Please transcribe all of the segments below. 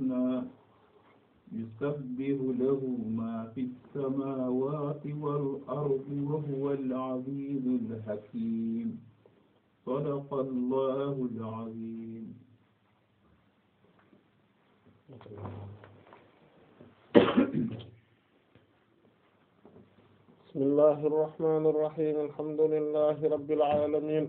الحسنى يسبح له ما في السماوات والأرض وهو العزيز الحكيم صدق الله العظيم بسم الله الرحمن الرحيم الحمد لله رب العالمين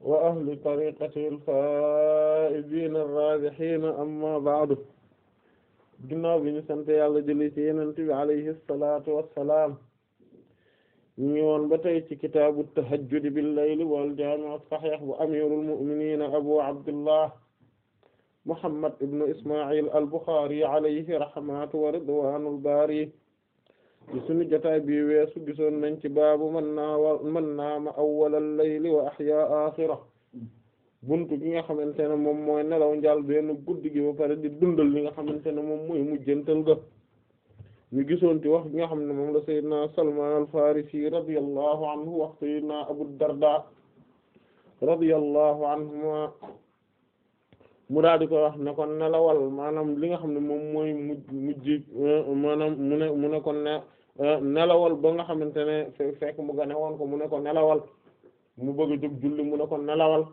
wa ahli tariqati al-faa'iziina ar-raabihiina amma ba'du ginnaaw bi ñu sant yàlla julli ci yonent bi alayhi salaatu wa salaam ñu woon ba tey ci kitaabu tahajjud bil-layli wal jaami' as-sahiih bu amiirul mu'miniina abu abdillah muhammad ibn isma'il al-Bukhaari alayhi rahmatu wa ridwaanul baari ci sunu jotaay bi weesu gisoon nañ ci baabu man naawa man naama awwalal layli wa ahya axira buntu gi nga xamante ne moom mooy nelaw njaal benn guddi gi ba pare di dundal li nga xamante ne moom mooy mujjantal ga ñu gisoon ci wax gi nga xam ne moom la sayyidna Salman al-Farisi radiyallahu anhu wax sayyidna Abu Darda radiyallahu anhuma mu daal ko wax ne kon nelawal maanaam li nga xam ne moom mooy mujj mujj eh, maanaam mu ne mu ne Euh, nelawal ba nga xamante ne fekk mu gane woon ko mu ne ko nelawal mu bëgg a jóg julli mu ne ko nelawal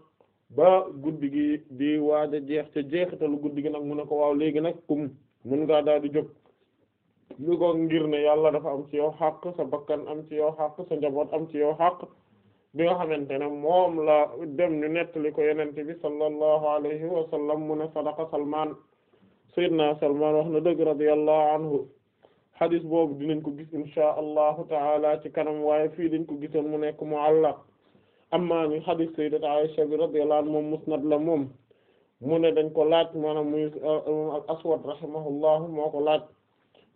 ba guddi gi di waaj a jeex te jeexitalu guddi gi nag mu ne ko waaw léegi nag kum mun ngaa daal di jóg li ko ngir ne yàlla dafa am ci yow xàq sa bakkan am ci yow xàq sa njaboot am ci yow xàq bi nga xamante ne moom la dem ñu nettali ko yenente bi sallallahu alayhi wa mu ne sadaqa salman sayyidna salman wax na dëgg radiyallahu anhu xadis boobu dinañ ko gis insha allahu taala ci kanam waaye fii dañ ko gisoon mu nekk muallaq amma ni xadis sayyidat Aisha bi radiyallahu anha moom musnad la moom mu ne dañ ko laaj maanaam muy uh, al aswad rahimahullahu moo ko laaj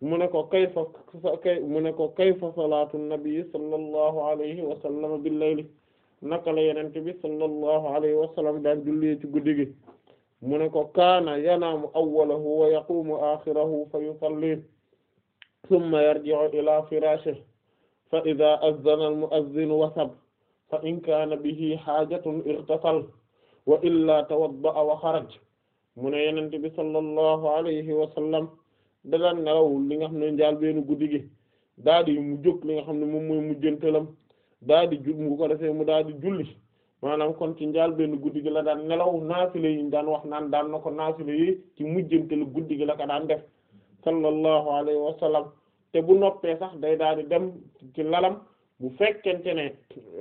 mu ne ko kayfa kay mu ne ko kayfa salaatu nabi sallallahu alayhi wa sallam bil layli naka la yenente bi sallallahu alayhi wa sallam daan jullee ci guddi gi mu ne ko kaana yanaamu awwalahu wa yaqumu axirahu fa yusalli thumma yarji'u ila firashihi fa idha azzana al-mu'adhdhinu wa sab fa in kaana bihi haajatun irtasal wa illa tawadda'a wa xaraj mu ne yenente bi sallallahu alayhi wa sallam da daan nelaw li nga xam ne njaal beenu guddi gi daa mu jóg li nga xam ne moom mooy mujjantalam daa di jul mu ko mu daa di julli maanaam kon ki njaal benn guddi gi la daan nelaw naafile yi daan wax naan daan na ko naafile yi ci mujjantal guddi gi la ka daan def sallallahu alayhi wa sallam te bu noppee sax day daal di dem ci lalam bu fekkente ne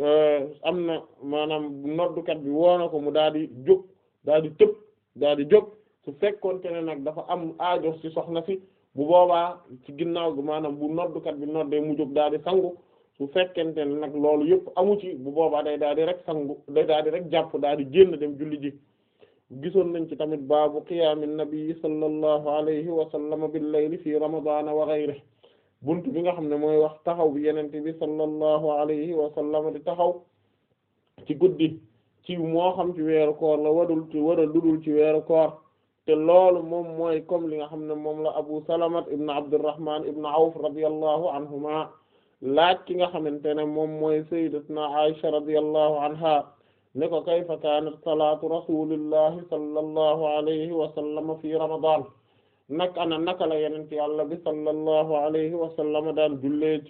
euh, am na maanaam noddukat bi woo na ko mu daal di jóg daal di tëb daal di jóg su fekkonte ne nag dafa am aajo si soxna si bu boobaa ci ginnaaw gi maanaam bu noddukat bi noddee mu jóg daal di sangu su fekkente ne nag loolu yëpp amu ci bu boobaa day daal di rek sangu day daal di jàpp daal di génn dem julliji gisoon nañ ci tamit baabu qiyaami nabi sallallahu alayhi wa sallam bil layli fi ramadaan wa ghayrihi bunt bi nga xam ne mooy wax taxaw bi yenente bi sallallahu alayhi wa sallam di taxaw ci guddi ci moo xam ci weeru koor la wadul ci wara koor te loolu moom mooy comme li nga xam ne moom la abu salamat ibn abdurrahman ibn awf radiyallahu anhuma laaj ki nga xamante ne moom mooy sayyidatuna aisha radiyallahu anha ne ko kayfa kaanat salaatu rasulillahi sallallahu alayhi wa fi ramadan nak ana naka la yàlla bi sallallahu alayhi wa sallam daan jullee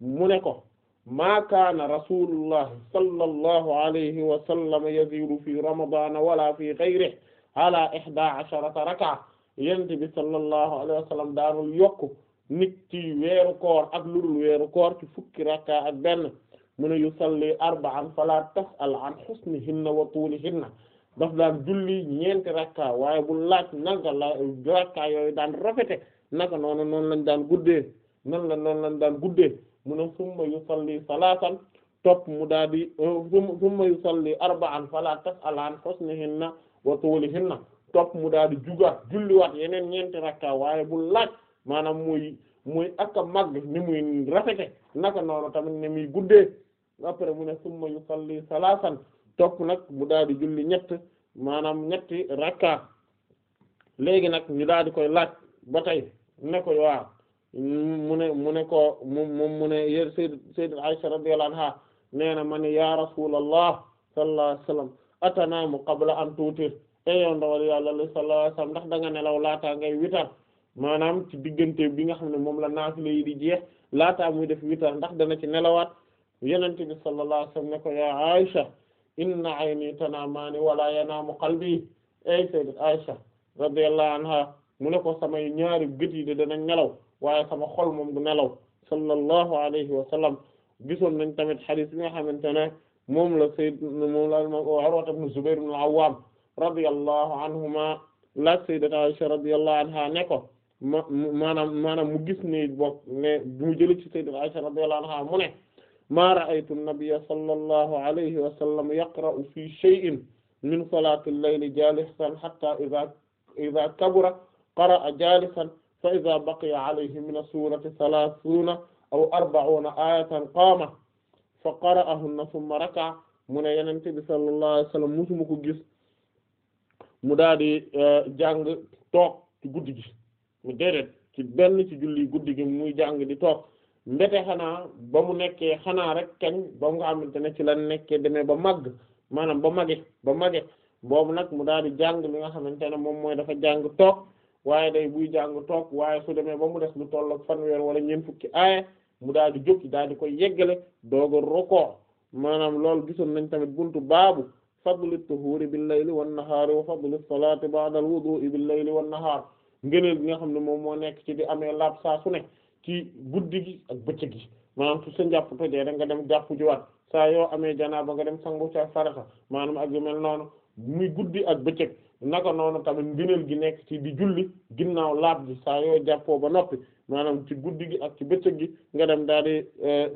mu ne ko maa kaana rasulullahi sallallahu alayhi wa sallam fi ramadana wala fi ghayrihi ala ihda asharata raka yenent bi sallallahu alayhi wa sallam daanul yokk nit ci weeru koor ak fukki rakka ak benn mu ne yusalli arba'an fala tas'al an husnihinna wa tulihinna daf daan julli ñeenti rakka waaye bu laaj nanga la rakka yooyu daan rafete naka noonu noonu lañ daan guddee nan la noonu lañ daan guddee mu ne summa yusalli salatan topp mu daal di euh, summa yusalli arba'an fala tas'al an husnihinna wa tulihinna topp mu daal di jugaat julliwaat yeneen ñeenti rakka waaye bu laaj maanaam muy muy ak mag màgg ni muy rafete naka noonu tamit ni muy guddee après mu ne summa yusalli salaasan topp nag mu daal di julli ñett maanaam ñetti rakka léegi nag ñu daal di koy laaj ba tey ne ko waaw mu ne mu ne ko mu mu ne yér sayd sayyidat Aisha radiyallahu anha nee na ma ni ya rasulallah sallallahu alayhi wasallam atanaamu qabla an tuutir e yow ndawal yàlla sallallahu alayhi wasallam ndax da nga nelaw laataa ngay witar maanaam ci diggante bi nga xam ne moom la naafila yi di jeex laataa muy def witar ndax dana ci nelawaat yonent bi sallallahu alayhi wa sallam ne ko yaa Aïcha inna ayni tanaamaani wala yanaamu qalbi ay sayyidat Aïcha radiyallahu anha mu ne ko samay ñaari gët yi de danañ nelaw waaye sama xol moom du nelaw sallallahu alayhi wa sallam gisoon nañ tamit xadiis bi nga xamante ne moom la sayyid moom la Urwa ibn Zubayr ibn al-Awwam radiyallahu anhuma ne ko ma maanaam maanaam mu gis ni bokk ne mu jële ci sayyidatu Aisha radiyallahu anha mu ne ma ra'aytu an-nabiyya sallallahu alayhi wa sallam yaqra'u fi shay'in min salati al-layli jalisan hatta idha idha kabura qara'a jalisan fa idha baqiya alayhi min as-surati thalathuna aw arba'una ayatan qama fa qara'ahunna thumma raka'a mu ne yenente bi sallallahu alayhi wa sallam musuma ko gis mu daal di eh, jàng toog ci guddi gi mu déedéet ci benn ci julli guddi gi muy jàng di toog mbete xanaa ba mu nekkee xanaa rek kenn ba nga xamante ne ci la nekkee demee ba màgg maanaam ba mage ba mage boobu nag mu daal di jàng mi nga xamante ne moom mooy dafa jàng toog waaye day muy jàng toog waaye su demee ba mu des lu toll ak fanweer wala ñeent fukki aaye mu daal di jóg daal di koy yeggale doog a rukoo maanaam lool gisoon nañ tamit buntu baabu fadlu tuhuuri bil layli wan nahaari wa fadlu salaati ba'da al wudu'i bil layli wan nahaar ngeneel bi nga xam ne moom moo nekk ci di amee laab saa su ne ci guddi gi ak bëccëg gi maanaam su sa njàpp tojee nga dem ji jiwaat saa yoo amee janaaba nga dem sangu ca farata maanaam ak mel noonu guddi ak bëccëg naka noonu tamit ngëneel gi nekk ci di julli ginnaaw laab gi saa yoo jàppoo ba noppi maanaam ci guddi gi ak ci bëccëg gi nga dem daal di euh,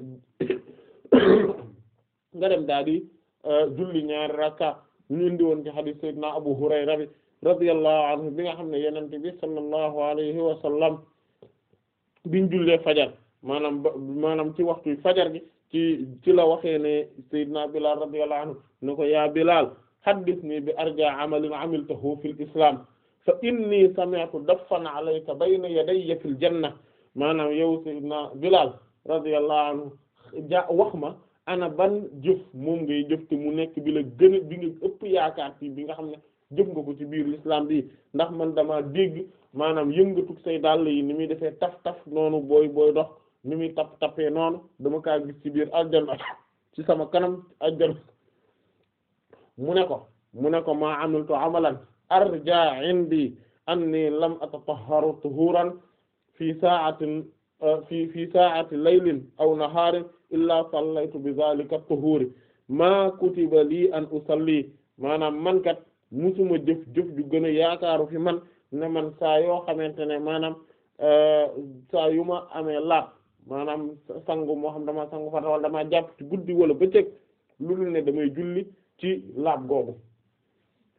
dem daal di euh, julli ñaari rakka ñu indi woon ci hadith sayyidina Abu Hurayra bi radiyallahu anhu bi nga xam ne yenent bi sallallahu alayhi wa sallam biñ jullee fajar maanaam maanaam ci waxtu fajar gi ci ci la waxe ne sayyidina Bilaal radiyallahu anhu ne ko yaa Bilaal haddithni bi ma amalin amiltahu fil islam fa inni sami'tu daffan alayka bayna yadayya fil janna maanaam yow sayyidina Bilaal radiyallahu anhu ja wax ma ana ban jëf moom ngay jëf te mu nekk bi la gën a bi nga ëpp yaakaar ci bi nga xam ne jëf nga ko ci biir l'islam bi ndax man dama dégg maanaam yëngatug say dàll yi ni muy defee taf taf noonu booy booy dox ni muy tap tapee noonu dama ka gis ci biir aljanna ci sama kanam aljanna mu ne ko mu ne ko maa amiltu amalan arja indi anni lam atatahharu tuhuran fi sa'atin euh, fi fi sa'ati laylin aw naharin illa sallaytu bi zalika tuhuri ma kutiba lii an usalli maanaam man kat musuma jëf jëf ju gën yaakaaru fi man ne man saa yoo xamante ne maanaam euh, saa yu ma amee laab maanaam sangu moo xam dama sangu farata wala damaa jàpp ci guddi ba bëccëg lu dul ne damay julli ci laab googu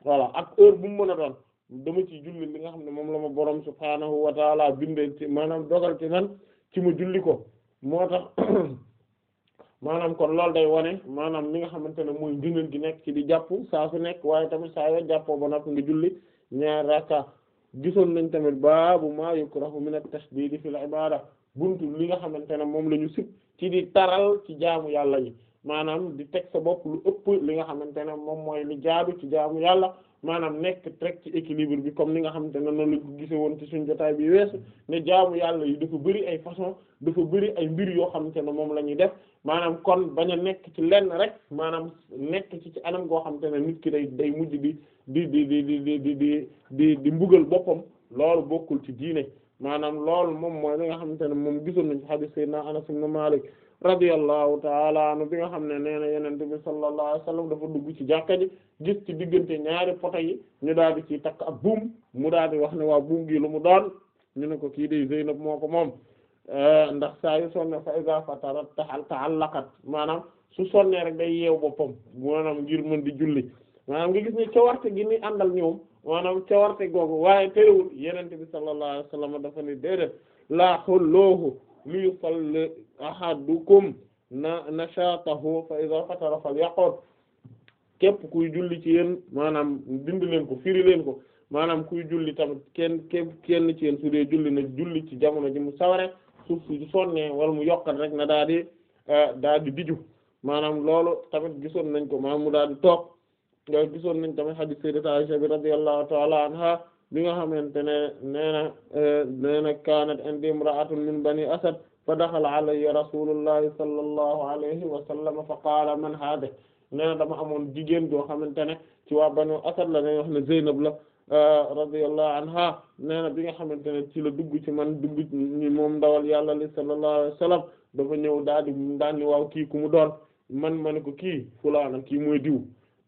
voilà ak heure bu mu mën a doon dama ci julli li nga xam ne moom la ma borom subhaanahu wa taala bindee ci maanaam dogal ci man ci ma julli ko moo tax maanaam kon loolu day wane maanaam li nga xamante ne mooy njëngal gi nekk ci di jàpp saa su nekk waaye tamit saa yoo jàppoo ba nag nga julli ñaari rakka gisoon nañ tamit baabu maa yukrahu min at-tashdid fil ibada buntu li nga xamante ne moom la ñu sib ci di taral ci jaamu yàlla yi maanaam di teg sa bopp lu ëpp li nga xamante ne moom mooy li jaadu ci jaamu yàlla maanaam nekk rek ci équilibre bi comme ni nga xamante ne noonu la ko gise woon ci suñ jotaay bi weesu ne jaamu yàlla yi dafa bari ay façon dafa bari ay mbir yoo xamante ne moom la ñuy def maanaam kon bañ a nekk ci lenn rek maanaam nekk ci ci anam goo xamante ne nit ki day day mujj di di di di di di di di di mbugal boppam loolu bokkul ci diine maanaam loolu moom mooy li nga xamante ne moom gisoon nañ ci hadith sayyidina Anas ibn Malik radiyallahu taala anu bi nga xam ne nee na yenente bi sallallahu alayhi wasallam dafa dugg ci jàkka ji gis ci diggante ñaari poto yi ñu daal di ciy takk ak buum mu daal di wax ne waa buum gi lu mu doon ñu ne ko kii day Zeynab moo ko moom Eh, ndax saa yu sonne fa iza fatarat ta'allaqat maanaam su sonnee rek day yeew boppam maanaam ngir mën di julli maanaam nga gis ne cawarte gi ni àndal ñoom maanaam cawarte googu waaye terewul yenente bi sallallahu alayhi wasallam dafa ne déedéet laa xulloohu li yusalli ahadukum na nashatahu fa iza fatara falyaqut képp kuy julli ci yéen maanaam dind leen ko firi leen ko maanaam kuy julli tamit kenn képp kenn ci yen su dee julli na julli ci jamono ji mu saware suuf si di wala mu yokkat rek na daa di eh, daa di diju maanaam loolu tamit gisoon nañ ko maanaam mu daa di toog gisoon nañ tamit hadith sayyidati Aisha bi radiyallahu ta'ala anha bi nga xamante ne nee na eh, nee na kaanat indi imra'atun min bani asad fa daxala alayya rasulullahi sallallahu alayhi wa sallam fa qaala man haada nee na dama amoon jigéen joo xamante ne ci waa banu asad la ne wax ne Zeynab la radiyallahu anha nee na bi nga xamante ne ci la dugg ci man dugg ni moom ndawal yàlla li sallallahu alayhi wasallam dafa ñëw daal di daan ni waaw kii ku mu doon man ma ne ko kii fulaana kii mooy diw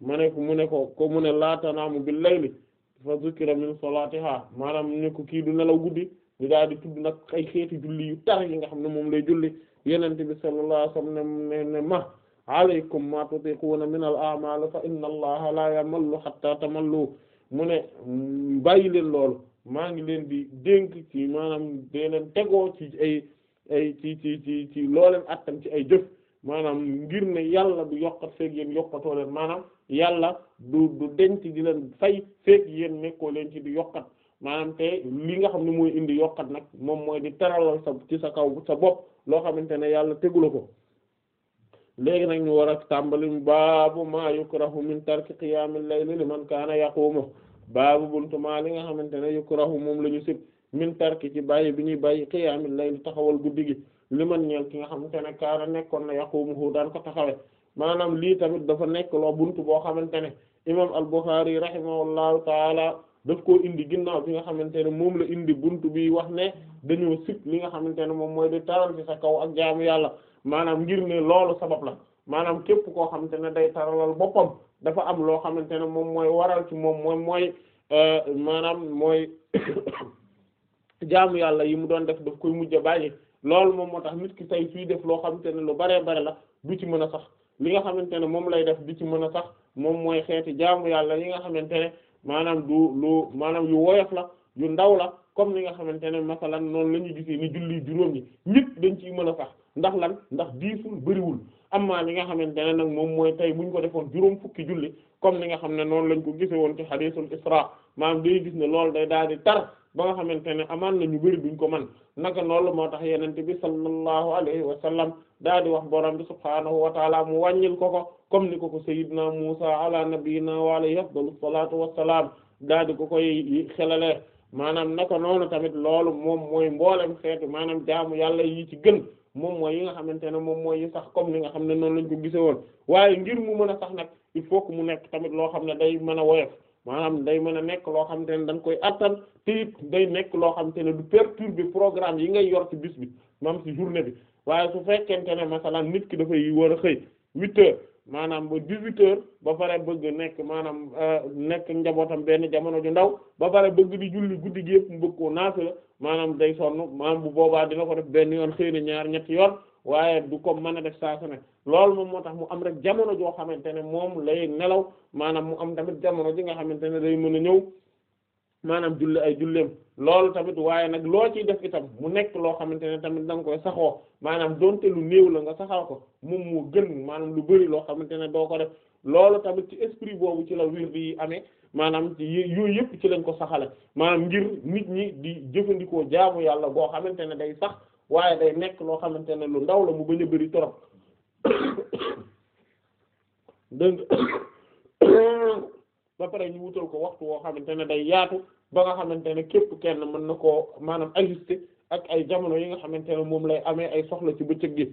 ma ne ko mu ne ko ko mu ne laatanaamu bil layli fa zukira min salaatiha maanaam ne ko kii du nelaw guddi di daal di tudd nag ay xeeti julli yu tar yi nga xam ne moom lay julli yenente bi sallallahu alayhi wasallam ne ne ma alaykum ma tutiquuna min al a'mal fa inna allaha la yamallu hatta mu ne mm, bàyyi leen loolu maa ngi leen di dénk ci maanaam dee leen tegoo ci ay ay ci ci ci ci looleen attam ci ay jëf maanaam ngir ne yàlla du yokkat feeg yéen yokkatoo leen maanaam yàlla du du denc di leen fay feeg yéen nekkoo leen ci di yokkat maanaam te li nga xam ne mooy indi yokkat nag moom mooy di teralal sa ci sa kaw sa bopp loo xamante ne yàlla tegula ko léegi nag ñu war a tàmbali baabu ma yukrahu min tarki qiyaamil layli liman kaana yaqumu baabu buntumaa li nga xamante ne yukrahu moom la ñu sib min tarki ci bàyyi bi ñuy bàyyi qiyaamil layli taxawal guddi gi liman ñeel ki nga xamante ne kaana nekkoon na yaqumu daan ko taxawe maanaam lii tamit dafa nekk loo buntu boo xamante ne imaam al-Bukhari rahimahullahu taala daf ko indi ginnaaw bi nga xamante ne moom la indi buntu bii wax ne dañoo sib li nga xamante ne moom mooy di taral ci sa kaw ak jaamu yàlla maanaam ngir ne loolu sabab la maanaam képp koo xamante ne day taralal boppam dafa am loo xamante ne moom mooy waral ci moom moom mooy euh, maanaam mooy jaamu yàlla yi mu doon def daf koy mujj a loolu moom moo tax nit ki tey suy def loo xamante ne lu baree bare la du ci mën a sax li nga xamante ne moom lay def du ci mën a sax moom mooy xeeti jaamu yàlla yi nga xamante ne maanaam du lu maanaam yu woyof la yu ndaw la comme li nga xamante ne masalan noonu la ñu gisee ni julli juróom yi ñëpp dañ ciy mën a sax ndax lan ndax diisul bëriwul amma li nga xamante ne nag moom mooy tey buñ ko defoon juróom fukki julli comme ni nga xam ne noonu lañ ko gise woon ci hadisul isra maanaam day gis ne loolu day daal di tar ba nga xamante ne amaan na ñu bëri duñ ko man naka loolu moo tax yenente bi sallallahu alayhi wa sallam daal di wax borom bi subhaanahu wa taala mu wàññil ko ko comme ni ko ko sayyidna musa ala nabiyina wa alayhi afdalu salatu wassalaam daal di ko koy xelalee maanaam naka noonu tamit loolu moom mooy mboolem xeetu maanaam jaamu yàlla yi ci gën moom mooy yi nga xamante ne moom mooy yi sax comme ni nga xam ne noonu lañ ko gisee woon waaye ngir mu mën a sax nag il faut que mu nekk tamit loo xam ne day mën a woyof maanaam day mën a nekk loo xam xamante ne dañ koy attan te it day nekk loo te ne du perturber programme yi ngay yor ci bis bi maam ci journée bi waaye su fekkente ne masalan nit ki dafay war a xëy huit maanaam ba 18 heures ba pare bëgg nekk maanaam euh, nekk njabootam benn jamono ju ndaw ba pare bëgg di julli guddi gi yëpp mu bëgg la maanaam day sonn maam bu boobaa dina ko def benn yoon xëy na ñaar ñetti yoon waaye du ko mën a def saa su loolu moom moo tax mu am rek jamono joo xamante ne moom lay nelaw maanaam mu am tamit jamono ji nga xamante ne day mën a ñëw maanaam julli ay julleem loolu tamit waaye nag loo ciy def itam mu nekk loo xamante ne tamit da nga koy saxoo maanaam donte lu néew la nga saxal ko moom moo gën maanaam lu bari loo xamante ne doo ko def loolu tamit ci esprit boobu ci la wird yi ame maanaam yooyu yëpp ci lañ ko saxale maanaam ngir nit ñi di jëfandikoo jaamu yàlla boo xamante ne day sax waaye day nekk loo xamante ne lu ndaw la mu bañ a bari torop ba pare ñu wutal ko waxtu woo xamante ne day yaatu ba nga xamante ne képp kenn mën na koo maanaam ajuster ak ay jamono yi nga xamante ne moom lay amee ay soxla ci bëccëg gi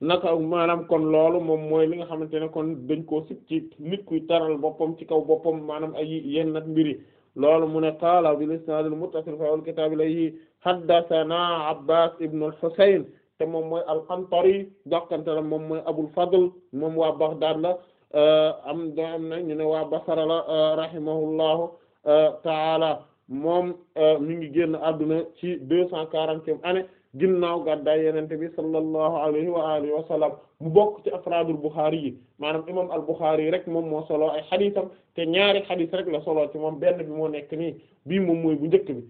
naka maanaam kon loolu moom mooy li nga xamante ne kon dañ ko sib ci nit kuy taral boppam ci kaw boppam maanaam ay yenn nag mbiri loolu mu ne qaala bil isnaad al muttasil fi al kitaab ilayhi haddathana abbas ibn al husayn te moom mooy al qantari dokkante la moom mooy abul fadl moom waa baghdad la Euh, am da am na ñu ne waa Basra la euh, rahimahullahu euh, taala moom mi ngi génn adduna ci deux cent quarantième année ginnaaw gàddaay yenente bi sallallahu alayhi wa alihi wa sallam mu bokk ci afraadul Bukhari yi maanaam imam al Bukhari yi rek moom moo solo ay xadiisam te ñaari xadiis rek la solo ci moom benn bi moo nekk nii bi moom mooy bu njëkk bi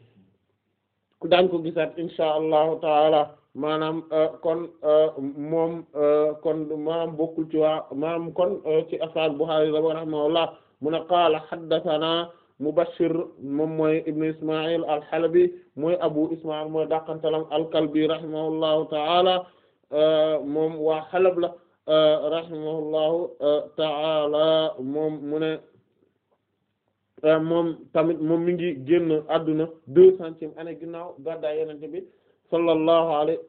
daañ ko gisaat insha allahu taala maanaam euh, kon euh, moom euh, kon maanaam bokkul ci waa maanaam kon ci asal Bukhari la rahimahullah mu ne qaala haddathana Mubashshir moom mooy ibn Isma'il al mooy Abu Isma'il mooy dàqantalam al-Kalbi rahimahullahu ta'ala moom waa Halab la rahimahullahu ta'ala moom mu moom tamit moom mi génn àdduna deux centième année ginnaaw gàddaay Yonent bi Eh, sallallahu alayhi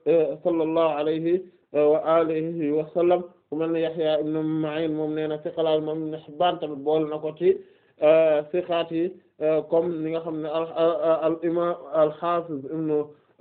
sallallahu eh, alayhi wa alihi wa sallam ku mel ne Yahya ibn Ma'in moom nee na siqala moom Ibn Hibban tamit boole na ko ci eh, siqaat yi comme ni nga xam ne al imam al hafiz ibn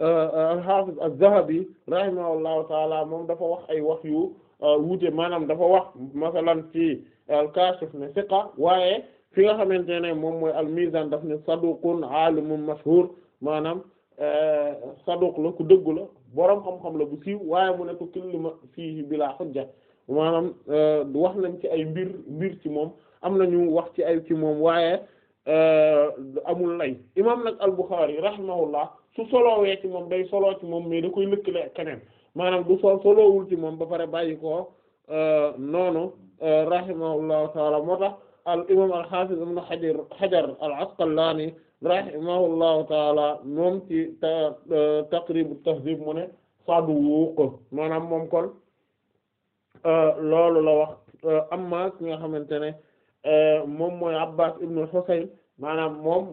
al hafiz az-Zahabi rahimahullahu ta'ala moom dafa wax ay wax yu wuute maanaam dafa wax masalan ci al-Kashif ne siqa waaye fi nga xamante ne moom mooy al-Mizan daf ne saduqun alimun mashhur maanaam Euh, saduq la ku dëggu la borom xam-xam la bu siiw waaye mu ne ko ma fiihi bilaa xujja maanaam euh, wax nañ ci ay mbir mbir ci moom am nañu wax ci ay ci moom waaye euh, amul lay imaam nag al-Bukhari rahimahullah su solowee ci moom day soloo ci moom mais da koy lëkkale ak keneen maanaam du sol solowul ci moom ba pare bàyyi ko noonu rahimahullahu taala moo tax al imaam al-Hafiz ibn Hajar al-Asqalani rahimahullahu taala moom ci e, taqribu tahzib mu ne saduq maanaam moom kon e, loolu la wax e, amma ki nga xamante ne moom mooy abbas ibnu husayn maanaam moom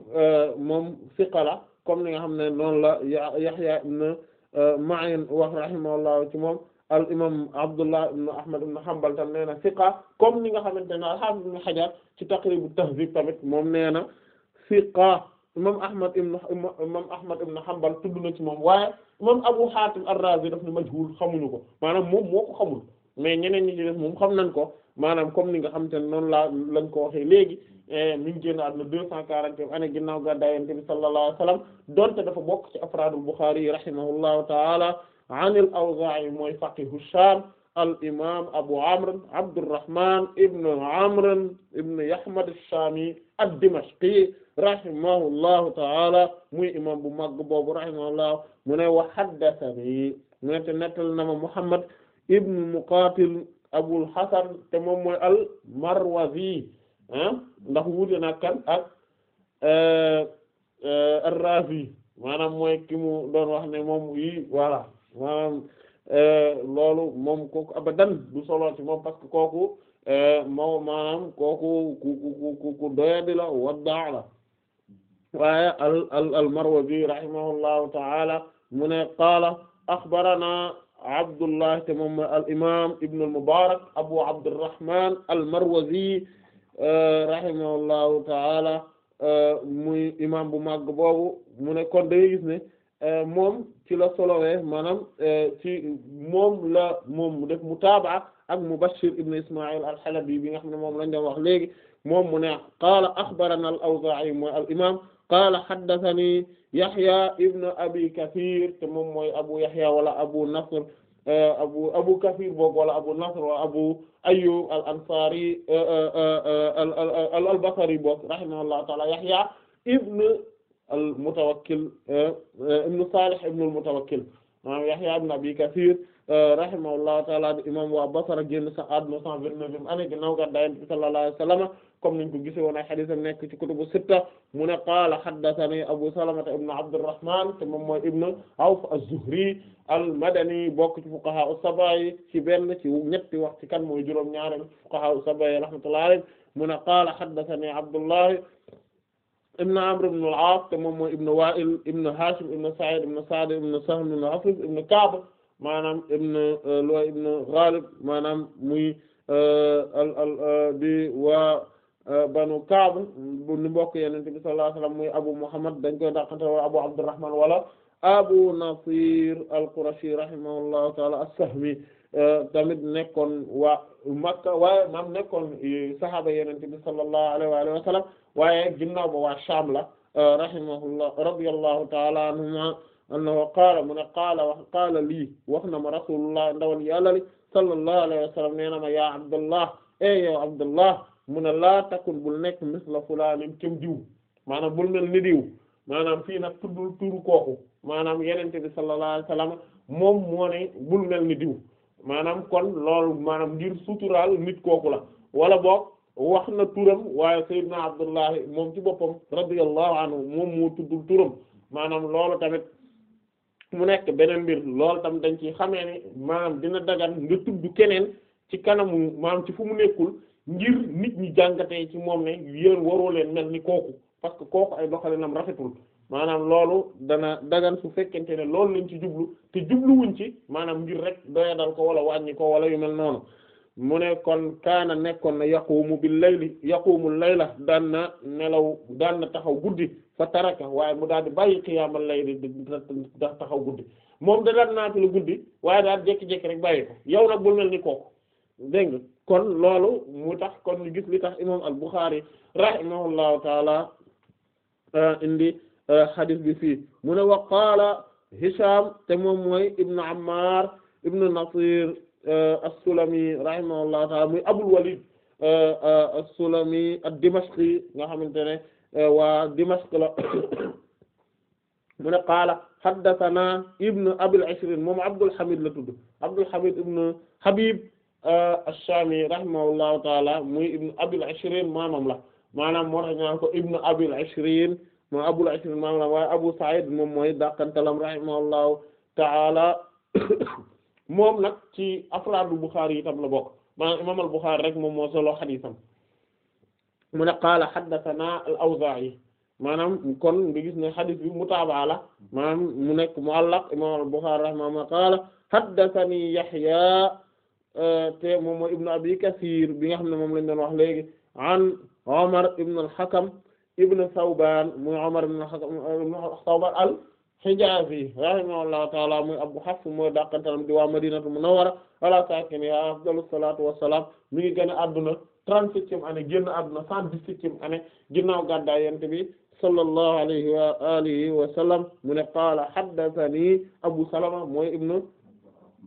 moom siqala comme ni nga xam ne noonu la yahya ibnu ma'in wax rahimahullahu ci moom al imam abdullah ibn ahmad ibn xambal tam nee na siqa comme ni nga xamante ne al hafiz ibn hajar ci taqribu tahzib tamit moom nee na imam Ahmad ibn imam Ahmad ibn Hanbal tudd na ci moom waaye imam Abu Hatim ar-Razi daf ne majhul xamuñu ko maanaam moom moo ko xamul mais ñeneen ñi ci def moom xam nañ ko maanaam comme ni nga xam te ne noonu laa lañ ko waxee léegi eh, mi ngi génn àdduna deux cent quarantième année ginnaaw gàddaay Yonent bi sallallahu alayhi wa sallam donte dafa bokk ci afraadul Bukhari yi rahimahullahu taala an al-Awzaa'i mooy faqihu Shaam al imam Abu Amr Abdurrahman ibn Amr ibn Yahmad ash-Shaami ad-Dimashqi rahimahullahu ta'ala muy imam bu mag boobu rahimahullahu mu ne wa haddathani mu ne te nettal na ma Muhammad ibn Muqatil Abul Hasan te moom mooy al Marwazi ah, ndax wuute na kan ak euh, euh, ar-Razi maanaam mooy ki mu doon wax ne moom yi voilà maanaam euh, loolu moom kooku abadan du solo moom parce que kooku moo maanaam kooku ku ku ku ku waaye al al al marwazi rahimahullahu ta'ala mu ne qaala axbarana abdullah te moom al imaam ibn al mubarak abu abdurrahman al marwazi euh, rahimahullahu ta'ala euh, muy imaam bu màgg boobu mu ne kon day gis ne euh, moom ci la solowee maanaam ci moom la moom mu def mutaabaa ak mubashir ibn isma'il al halabi bi nga xam ne moom lañ doon wax léegi moom mu ne qaala axbarana al awzaa'i mooy al imaam. qaala haddathani Yahya ibn Abi Kathir te moom mooy Abu Yahya wala Abu Nasr abu abu Kathir boog wala abu Nasr wala abu Ayyub al ansari al al basri boog rahimahullahu ta'ala Yahya ibn al Mutawakkil ibn Salih ibn al Mutawakkil maanaam Yahya ibn Abi Kathir rahimahullahu taala di imam waa Basra génn sax àdduna cent vingt-neuvième année ginnaaw gàddaay Yonent bi sallallahu alayhi wa sallam comme niñ ko gise woon ay xadiisam nekk ci kutubu sitta mu ne qaala haddathani Abu Salamata ibn Abdurrahman te moom mooy ibn Awf az-Zuhri al-Madani bokk ci fuqaha as-sab'a ci benn ci ñetti wax ci kan mooy juróom ñaari fuqaha as-sab'a rahmatullahi alayhim mu ne qaala haddathani Abdullah ibn Amr ibn al-As te moom mooy ibn Wa'il ibn Hashim ibn Sa'id ibn Sa'd ibn Sahm ibn Hafiz ibn Ka'b maanaam euh, ibn Ghalib maanaam muy euh, al al euh, di waa banu Ka'b nu mbokk yenente bi sallallahu alayhi wasallam muy Abu Muhammad dañ koy dàqante wala Abu Abdurrahman wala Abu Nasir al-Qurashi rahimahullahu ta'ala as-Sahmi tamit nekkoon waa Makka waaye maam nekkoon saxaaba yenente bi sallallahu alayhi wa sallam waaye ginnaaw ba waa Sham la rahimahullah radiyallahu ta'ala anhuma annahu qaala mu ne qaala lii wax na ma rasulullah ndawal yàlla li sallallahu alayhi wa sallam nee na ma yaa abdallah e eh, yow laa takun bul misla fulaanin cam diw maanaam bul mel ni diw maanaam fii nag tuddul turu kooku maanaam yenen bi sallallahu alayhi wa sallam moom moo ne bul mel ni diw maanaam kon lool maanaam ngir suturaal nit kooku la wala boog wax na turam waaye sayyidna abdullahi moom ci boppam radiyallahu anhu moom moo tuddul turam maanaam mu nekk beneen mbir lool tam dañ ci xamee ne maam dina dagan nga tudd keneen ci kanamu maanaam ci fu mu nekkul ngir nit ñi jàngatee ci moom ne yéen waroo leen mel ni kooku parce que kooku ay doxalinam rafetul maanaam loolu dana dagan su fekkente ne loolu lañ ci jublu te jubluwuñ ci maanaam ngir rek doya dal ko wala wàññi ko wala yu mel noonu mu ne kon kaana nekkoon na yaqumu bil layli yaqumul layla daan na nelaw daan taxaw guddi fa taraka waaye mu daal di bàyyi qiyaamal layli taxaw guddi moom da daan naafila guddi waaye daal jekki-jekki rek bàyyi yow nag bu mel ni kooku dégg nga kon loolu mu tax kon ñu gis li tax imam al-Bukhari rahimahullahu taala euh, indi hadith euh, bi fii mu ne wa Hisham te moom mooy ibnu Ammar ibnu Nasir Euh, as-Sulami rahimahullahu ta'ala muy Abul Walid euh, euh, as-Sulami ad-Dimashqi nga xamante ne waa Dimashq la mu ne qaala haddathana ibn Abil Ishrin moom Abdul Hamid la tudd Abdul Hamid ibn Habib ash-Shami rahimahullahu ta'ala muy ibn Abil Ishrin maamam la maanaam moo tax ñu naan ko ibn Abil Ishrin moom Abul Ishrin maamam la waaye Abu Sa'id moom mooy dàqantalam rahimahullahu ta'ala moom nag ci afraadu Buxaari itam la bokk maanaam imaam al-Buxaari rek moom moo solo xadiisam mu ne qaala haddasanaa al-Awzaa'i maanaam kon nga gis ne xadis bi mutaabaa la mu nekk mu'allaq imaam al-Buxaari rahimahullah qaala haddasanii Yahyaa euh, te moom mooy ibnu abi Kasiir bi nga xam ne moom lañ doon wax léegi an Umar ibn al-Hakam ibn Sawbaan muy Umar ibn al-Hakam al Hijazi rahimahullahu taala muy Abu Hafs mooy dàqantalam di waa Madinatu Munawwara ala saakinihaa afdalu salaatu wa salaam mi ngi gën a adduna trente-septième année génn adduna cent dix-septième année ginnaaw gàddaay Yonent bi sallallahu alihi wa mu ne qaala haddathanii Abu Salama mooy ibnu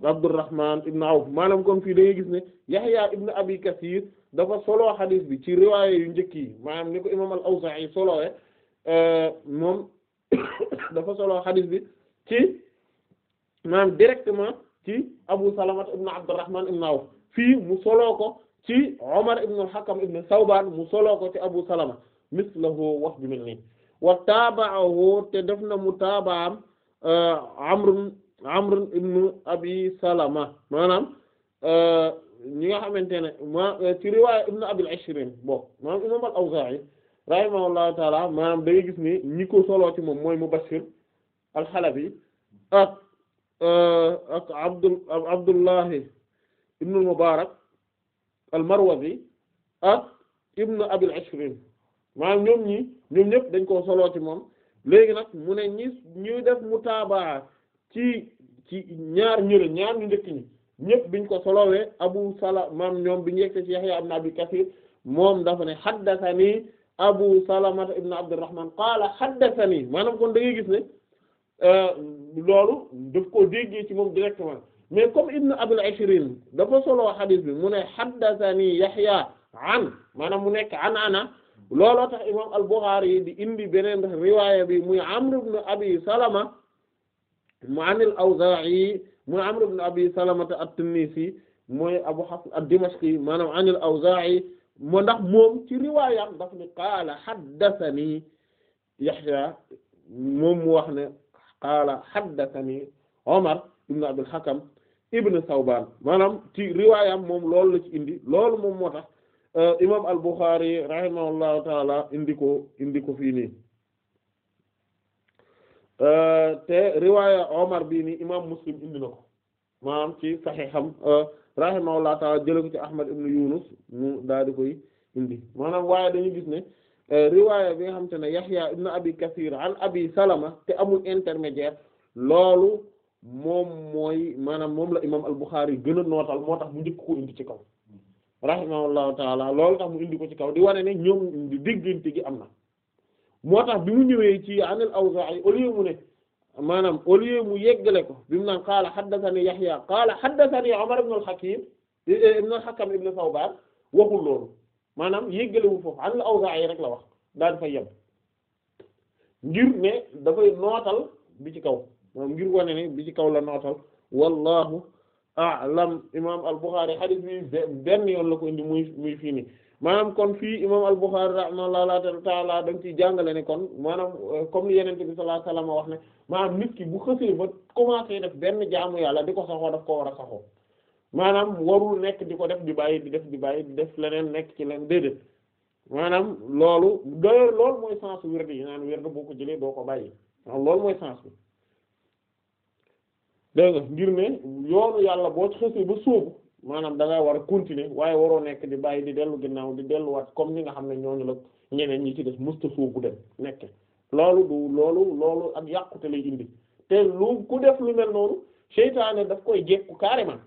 Abdurrahman ibnu Awf maanaam kon fii da ngay gis ne Yahya ibnu Abi Kathir dafa solo hadith bi ci riwaaya yu njëkk yi maanaam ni ko imaam al-Awzaa'i solowee eh, moom. dafa solo xadis bi ci maanaam directement ci Abu Salamat ibn Abdurrahman ibn Awf fii mu soloo ko ci Umar ibn al-Hakam mu soloo ko ci Abu Salama mislahu wax bi mel nii wa taabaahu te def na mu taabaam uh, Amr Amr ibn Abi Salama maanaam uh, ñi nga xamante ne ma ci riwaaya ibn Abil Ishrin bo maanaam imam al rahimahullahu taala maanaam da ngay gis ni ñi ko soloo ci moom mooy Mubashir al-Halabi ak euh, ak Abdul Abdullahi ibn al-Mubarak al-Marwazi ak ibn Abil Ashrim maanaam ñoom ñi ñoom ñëpp dañ koo soloo ci moom léegi nag mu ne ñi ñuy def mutaabaa ci ci ñaar ñële ñaar ñu njëkk ñi ñëpp biñ ko solowee Abu Salam maam ñoom bi ñu yegg ci Yahya ibn Abi Kathir moom dafa ne haddathani abu salamata ibn abdurrahman qaala haddathani maanaam kon da ngay gis ne euh, loolu daf koo déggee ci moom directement mais comme ibn abul ashirin dafa soloo xadiis bi mu ne haddathani yahya an maanaam mu nekk an ana looloo tax imam al-Bukhari yi di indi beneen riwaaya bi muy amr ibn abi salama mu an al-Awzaa'i muy amr ibn abi salamata at-Tinnisi mooy abu Hafs ad-Dimashqi maanaam an al-Awzaa'i moo ndax moom ci riwaayam daf ni qaala xaddathani Yahya moom mu wax ne qaala xaddathani Omar ibn Abdul Hakam ibn Sawban maanaam ci riwaayam moom loolu la ci indi loolu moom moo tax euh, imaam al-Bukhari rahimahullahu taala indi ko indi ko fii nii euh, te riwaaya Omar bii nii imaam Muslim indi na ko maanaam ci saxiixam euh, rahimahullah ta'ala jëlee ko ci Ahmad ibn Yunus mu daal koy indi maanaam waaye dañu gis ne euh, riwaaya bi nga xamante ne Yahya ibn Abi Kathir an Abi Salama te amul intermédiaire loolu moom mooy maanaam moom la imaam al-Bukhari gën a nootal moo tax mu njëkk ko indi ci kaw rahimahullahu taala loolu tax mu indi ko ci kaw di wane ne ñoom di déggante gi am na moo tax bi mu ñëwee ci anil Awza'i au lieu mu ne maanaam au lieu mu yeggale ko bi mu naan qaala haddathani Yahya qaala haddathani Umar ibn al-Hakim eh, ibn al-Hakam ibn Thawban waxul loolu maanaam yeggale wu foofu an al-Awzaa'i rek la wax daa dafa yem ngir ne dafay nootal bi ci kaw moom ngir wane ne bi ci kaw la nootal wallahu a'lam imaam al-Bukhari hadith bi benn yoon la ko indi muy muy fii nii maanaam kon fii imam al-Bukhârî laa ta'ala da nga ciy jàngale ne kon maanaam euh, comme ni yenente bi sallallahu alayhi wasallam wax ne maanaam nit ki bu xësee ba commencé def benn jaamu yàlla di ko saxoo daf ko war a saxoo maanaam warul nekk di ko def di bàyyi di def di bàyyi di def leneen nekk ci leen déedéet maanaam loolu d'ailleurs lool mooy sens wird yi naan wird boo ko jëlee doo ko bàyyi waaw loolu mooy sens bi dégg nga ngir ne yoonu yàlla boo ci xësee ba sóobu maanaam da ngaa war a continuer waaye waroo nekk di bàyyi di dellu ginnaaw di delluwaat comme ñi nga xam ne ñooñu la ñeneen ñi ci des musta soobu dem nekk loolu du loolu loolu ak yàqute lay indi te lu ku def lu mel noonu seytaane daf koy jekku carrément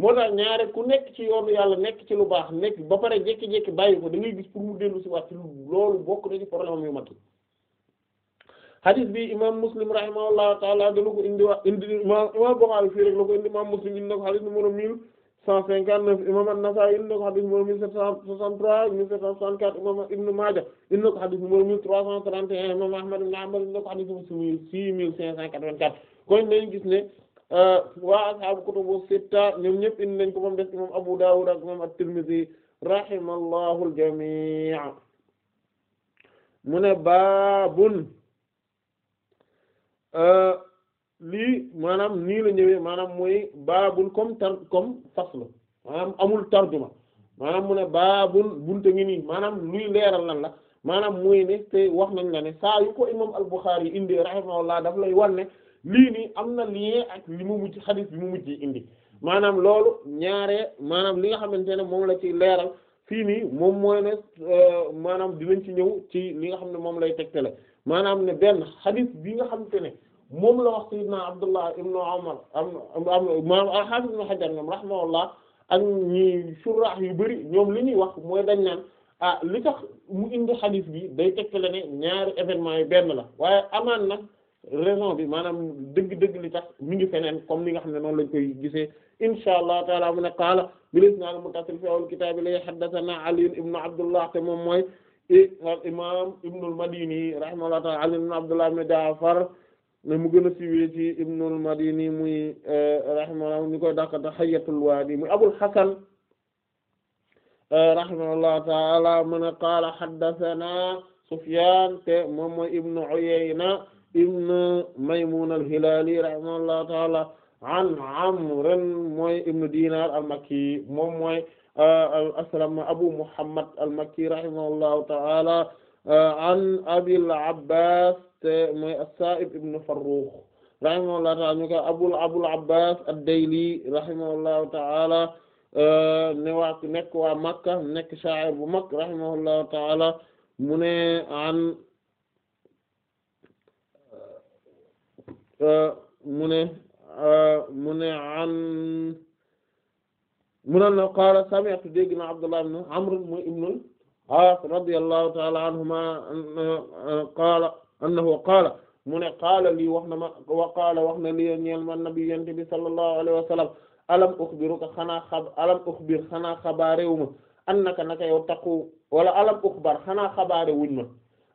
moo tax ñaare ku nekk ci yoonu yàlla nekk ci lu baax nekk ba pare jekki-jekki bàyyi ko da ngay gis pour mu dellu si waat loolu bokk na ci problème am hadith bi imam muslim rahimahullahu taala dana ko indi wa indi imam imam Bukhari fii rek la ko indi imam muslim indi na ko hadith numéro mille cent cinquante neuf imam an-Nasa'i indi na ko hadith numéro mille sept cent soixante trois mille sept cent soixante quatre imam Ibn Maaja indi na ko hadith numéro mille trois cent trente et un imam Ahmad ibn Hanbal indi na ko hadith numéro six mille cinq cent quatre vingt quatre kon nañu gis ne euh, waa ashaabu kutubu sitta ñoom ñëpp indi nañ ko moom des imam Abu Dawud ak imam at-Tirmidhi rahimallahu al-jami' mu ne baabun Euh, lii maanaam nii la ñëwee maanaam mooy baabul comme tar comme fasl maanaam amul tarjuma maanaam mu ne baabul bunte ngi nii maanaam luy leeral lan la maanaam mooy ne te wax nañ la ne saa yu ko imam al indi yi indi rahimahullah daf lay wan ne lii nii am na lien ak li mu mujj xadis bi mu mujj indi maanaam loolu ñaare maanaam li nga xamante ne moom la ci leeral fii nii moom mooy ne euh, maanaam dinañ ci ñëw ci li nga xam ne moom lay tegtale maanaam ne benn xadis bi nga xamante ne moom la wax sayyidna Abdullah ibnu Umar am maanaam al-Hafiz ibn Hajar ñoom rahimahullah ak ñi surah yu bari ñoom li ñuy wax mooy dañ naan ah li tax mu indi xadis bi day tegtale ne ñaari événement yi benn la waaye amaan nag raison bi maanaam dëgg-dëgg li tax mi ngi feneen comme li nga xam ne noonu lañ koy gisee insha allah taala mu ne qaala bilisnaal muttasil fi awal kitaabi lay haddathana Ali ibnu Abdullah te moom mooy al imam ibnul madini rahimahullahu ta'ala ali ibn abdullah ibn ja'far ne mu gën a siiwee ci ibnul madini muy eh, rahimahullah ñu koy dàqata xayatul waadi muy abul hasan eh, rahimahullahu ta'ala mu ne qaala haddathana sufyan te moom mooy ibnu uyayna ibnu maymun al-hilali rahimahullahu ta'ala an amr mooy ibnu dinar al-makki moom mooy aslam abu muhammad al-makki rahimahullahu ta'ala an abil abbas te mooy as-sa'ib ibn farrukh rahimahullahu ta'ala ñu ko abul abul abbas ad-dayli rahimahullahu ta'ala ne waa nekk waa makka nekk sha'ir bu mag rahimahullahu ta'ala mu ne an mu ne mu ne an mu ne la qaala sami'tu dégg na Abdullah ibn Amr mooy ibnul Aas radiyallahu ta'ala anhuma qaala mu ne qaala lii wax na ma wa qaala wax na lii ñeel ma nabi yente bi sallallahu alayhi wa sallam alam ukhbiruka xanaa xab ukhbir xanaa xabaarewu ma annaka naka yow taqu wala alam ukhbar xanaa xabaare wuñ ma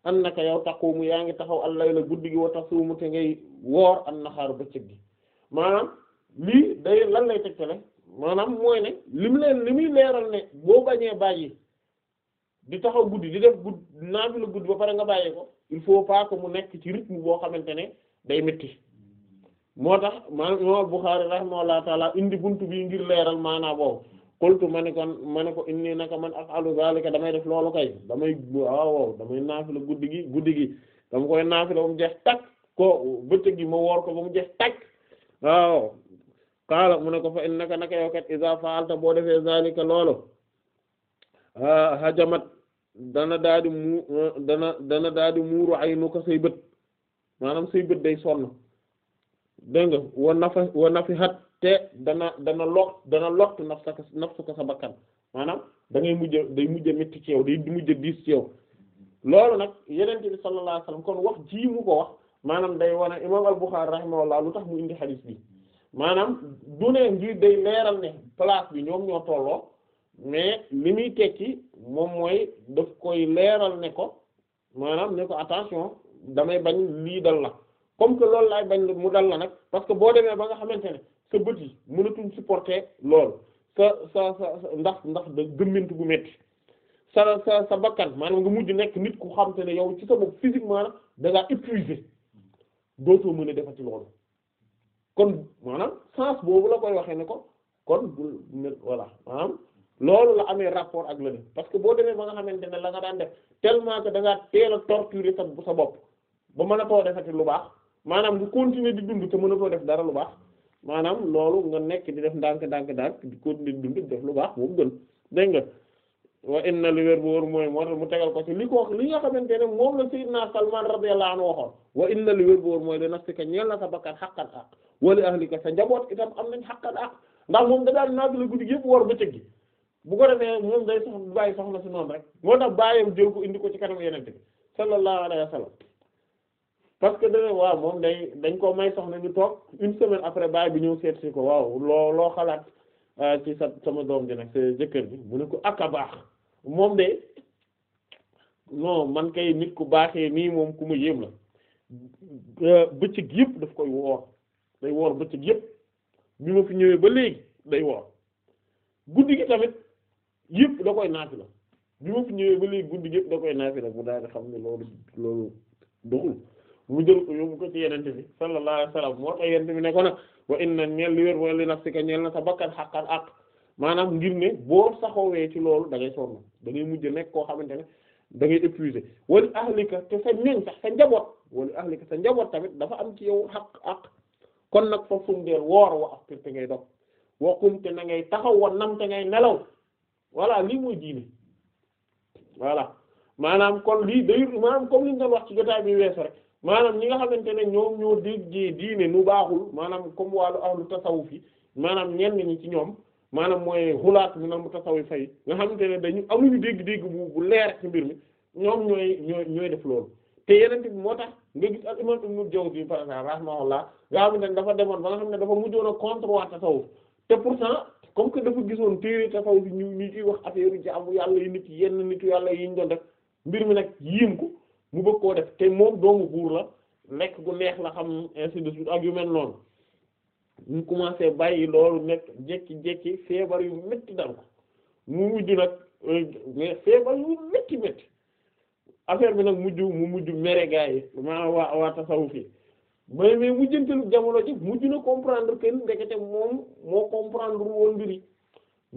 annaka yow taqumu yaa ngi taxaw al-layla guddi gi wa tasuumu te ngay woor an-nahaar bëccëg gi maanaam lii day lan lay tegtale maanaam mooy ne li mu lee li muy leeral ne boo bañee bàyyi di taxaw guddi di def gudd naafi la guddi ba pare nga bàyyi ko il faut pas que mu nekk ci rythme boo xamante ne day métti moo tax maanaam imam Bukhari rahimahullahu taala indi buntu bi ngir leeral maanaa boobu qultu ma ne kon ma ne ko inni naka man af'alu zalika damay def loolu kay damay waaw waaw damay naafila guddi gi guddi gi dama koy naafila ba mu jeex takk ko bëccëg gi ma woor ko ba mu jeex takk waaw qaala mu ne ko fa innaka naka yow kat iza fa'alta boo defee zalika loolu hajamat dana daa di mu dana dana daa di muuru aynuka say bët maanaam say day sonn dégg nga wa nafa wa nafihat te dana dana lot dana lott nafsaka nafsuka sa bakkan maanaam da ngay mujj day mujj a ci yow day mujj a diis ci yow loolu nag yeneen bi sallallahu alayhi wasallam kon wax ji mu ko wax maanaam day wane imaam al-Bukhari rahimahullah lu tax mu indi hadith bi maanaam du ne ngir day leeral ne place bi ñoom ñoo tolloo mais li muy tekki moom mooy daf koy leeral ne ko maanaam ne ko attention damay bañ lii dal na comme que loolu laay bañ mu dal na nag parce que boo demee ba nga xamante ne sa bët yi mënatuñ supporter lool sa sa sa ndax ndax da gëmmint bu metti sa sa sa bakkan maanaam nga mujj nekk nit ku xam te ne yow ci sa bopp physiquement da ngaa épuisé dootoo mën a defati loolu kon maanaam sens boobu la koy waxee ne ko kon bul ne maanaam loolu la amee rapport ak la ne parce que boo demee ba nga xamante ne la nga daan def tellement que da ngaa teel a torturer sa bopp ba mën a too defati lu baax maanaam nga continuer di dund te mën a too def dara lu baax maanaam loolu nga nekk di def ndànk ndànk ndànk di continuer di dund di def lu baax boobu gën dégg nga wa inna li wér bu wóor mooy moo tax mu tegal ko ci li ko li nga xamante ne moom la Sayyidina Salman radiyallahu anhu waxoon wa inna li wér na sa bakkan haqqan wala ahlika sa njaboot itam am nañ xàqan ak ndax moom da daal naafila guddi gi yëpp war bëccëg gi bu ko defee moom day sox bàyyi soxna si noonu rek moo tax bàyyam ko indi ci kanam yenente bi sallallahu alayhi wa sallam que dane waaw moom day dañ ko may soxla ñu toog une semaine après bàyyi bi ñëw seet si ko waaw loo loo xalaat euh, ci sa sama doom ji nag sa jëkkër bi mu ne ko ak a baax moom de non man kay nit ku baaxee nii moom ku ma yéem la euh, bëccëg yëpp daf koy woor day woor bëccëg yépp bi ma fi ñëwee ba léegi day woor guddi gi tamit yépp da koy naafila bi ma fi ñëwee ba léegi guddi gi yépp da koy naafila mu daal di xam ne loolu loolu doxul mu jël ko yóbbu ko ci yenente bi sallallahu alayhi wasallam moo tax yenente bi ne ko nag wa inna ñeel li wér wa li nafsika ñeel na sa bakkan xaqan ak maanaam ngir ne boo saxoowee ci loolu da ngay sonn da ngay mujj nekk koo xamante ne dangay ngay épuisé wali ahlika te sa ñoñ sax sa njaboot wali ahlika sa njaboot tamit dafa am ci yow xaq ak kon nag fa sum deel woor wa aftir te ngay dog waqum te na ngay taxaw wa nam te ngay nelaw voilà lii mooy diine voilà maanaam kon lii day maanaam comme li ñu doon wax ci jotaay bi weesu rek maanaam ñi nga xamante ne ñoom ñoo déggee diine nu baaxul maanaam comme wàllu ahlu tasawuf yi maanaam ñenn ñi ci ñoom maanaam mooy xulaat mi na mu tasawuf fay nga xamante ne dañu amuñu dégg-dégg bu bu leer ci mbir mi ñoom ñooy ñooy ñooy def loolu te yeneen bi moo tax nga gis al imam Ibnu Jawzi par exemple rahimahullah nga xam ne dafa demoon ba nga xam ne dafa mujjoon a contre waa tasawuf te pourtant comme que dafa gisoon téere tasawuf ñu ñu ciy wax affaire yu jaamu yàlla yi nit yenn nitu yàlla yi ñu doon def mbir mi nag yiim mu bëgg koo def te moom doomu buur la nekk gu neex la xam ainsi de suite ak yu mel noonu mu commencé bàyyi loolu nekk jékki-jékki feebar yu métti dal ko mu mujj nag euh, mais feebar yu métti métti affaire bi nag mujj mu mujj mere gaa yi maanaam waa waa tasawuf yi mais mais mujjantalu jamono ji mujj na comprendre que ndekete moom moo comprendre woon mbir yi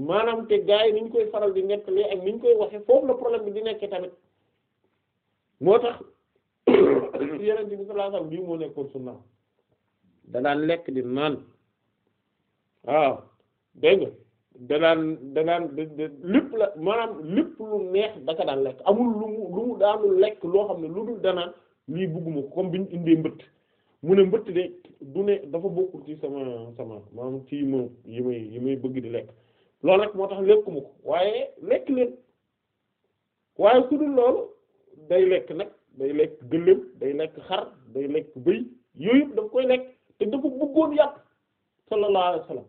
maanaam te gaa yi ni ñu koy faral di nettalee ak ni ñu koy waxee foofu la problème bi di nekkee tamit moo tax yeneen bi sallallahu alayhi wasallam bii moo nekkoon sunna da daan lekk di naan waaw dégg danaan danaan lépp la maanaam lépp lu neex daka daan lekk amul lu mu lu mu daanul lekk loo xam ne lu dul danaan lii bugguma ko comme bi ñu indee mbëtt mu ne mbëtt de du ne dafa bokkul ci sama sama maanaam ci moom yi may yi may bëgg di lekk loolu rek moo tax lekkuma ko waaye lekk leen waaye su dul loolu day lekk nag day lekk gëléem day lekk xar day lekk bëy yooyu yëpp daf koy lekk te dafa bëggoon yàpp sallallahu alayhi wasallam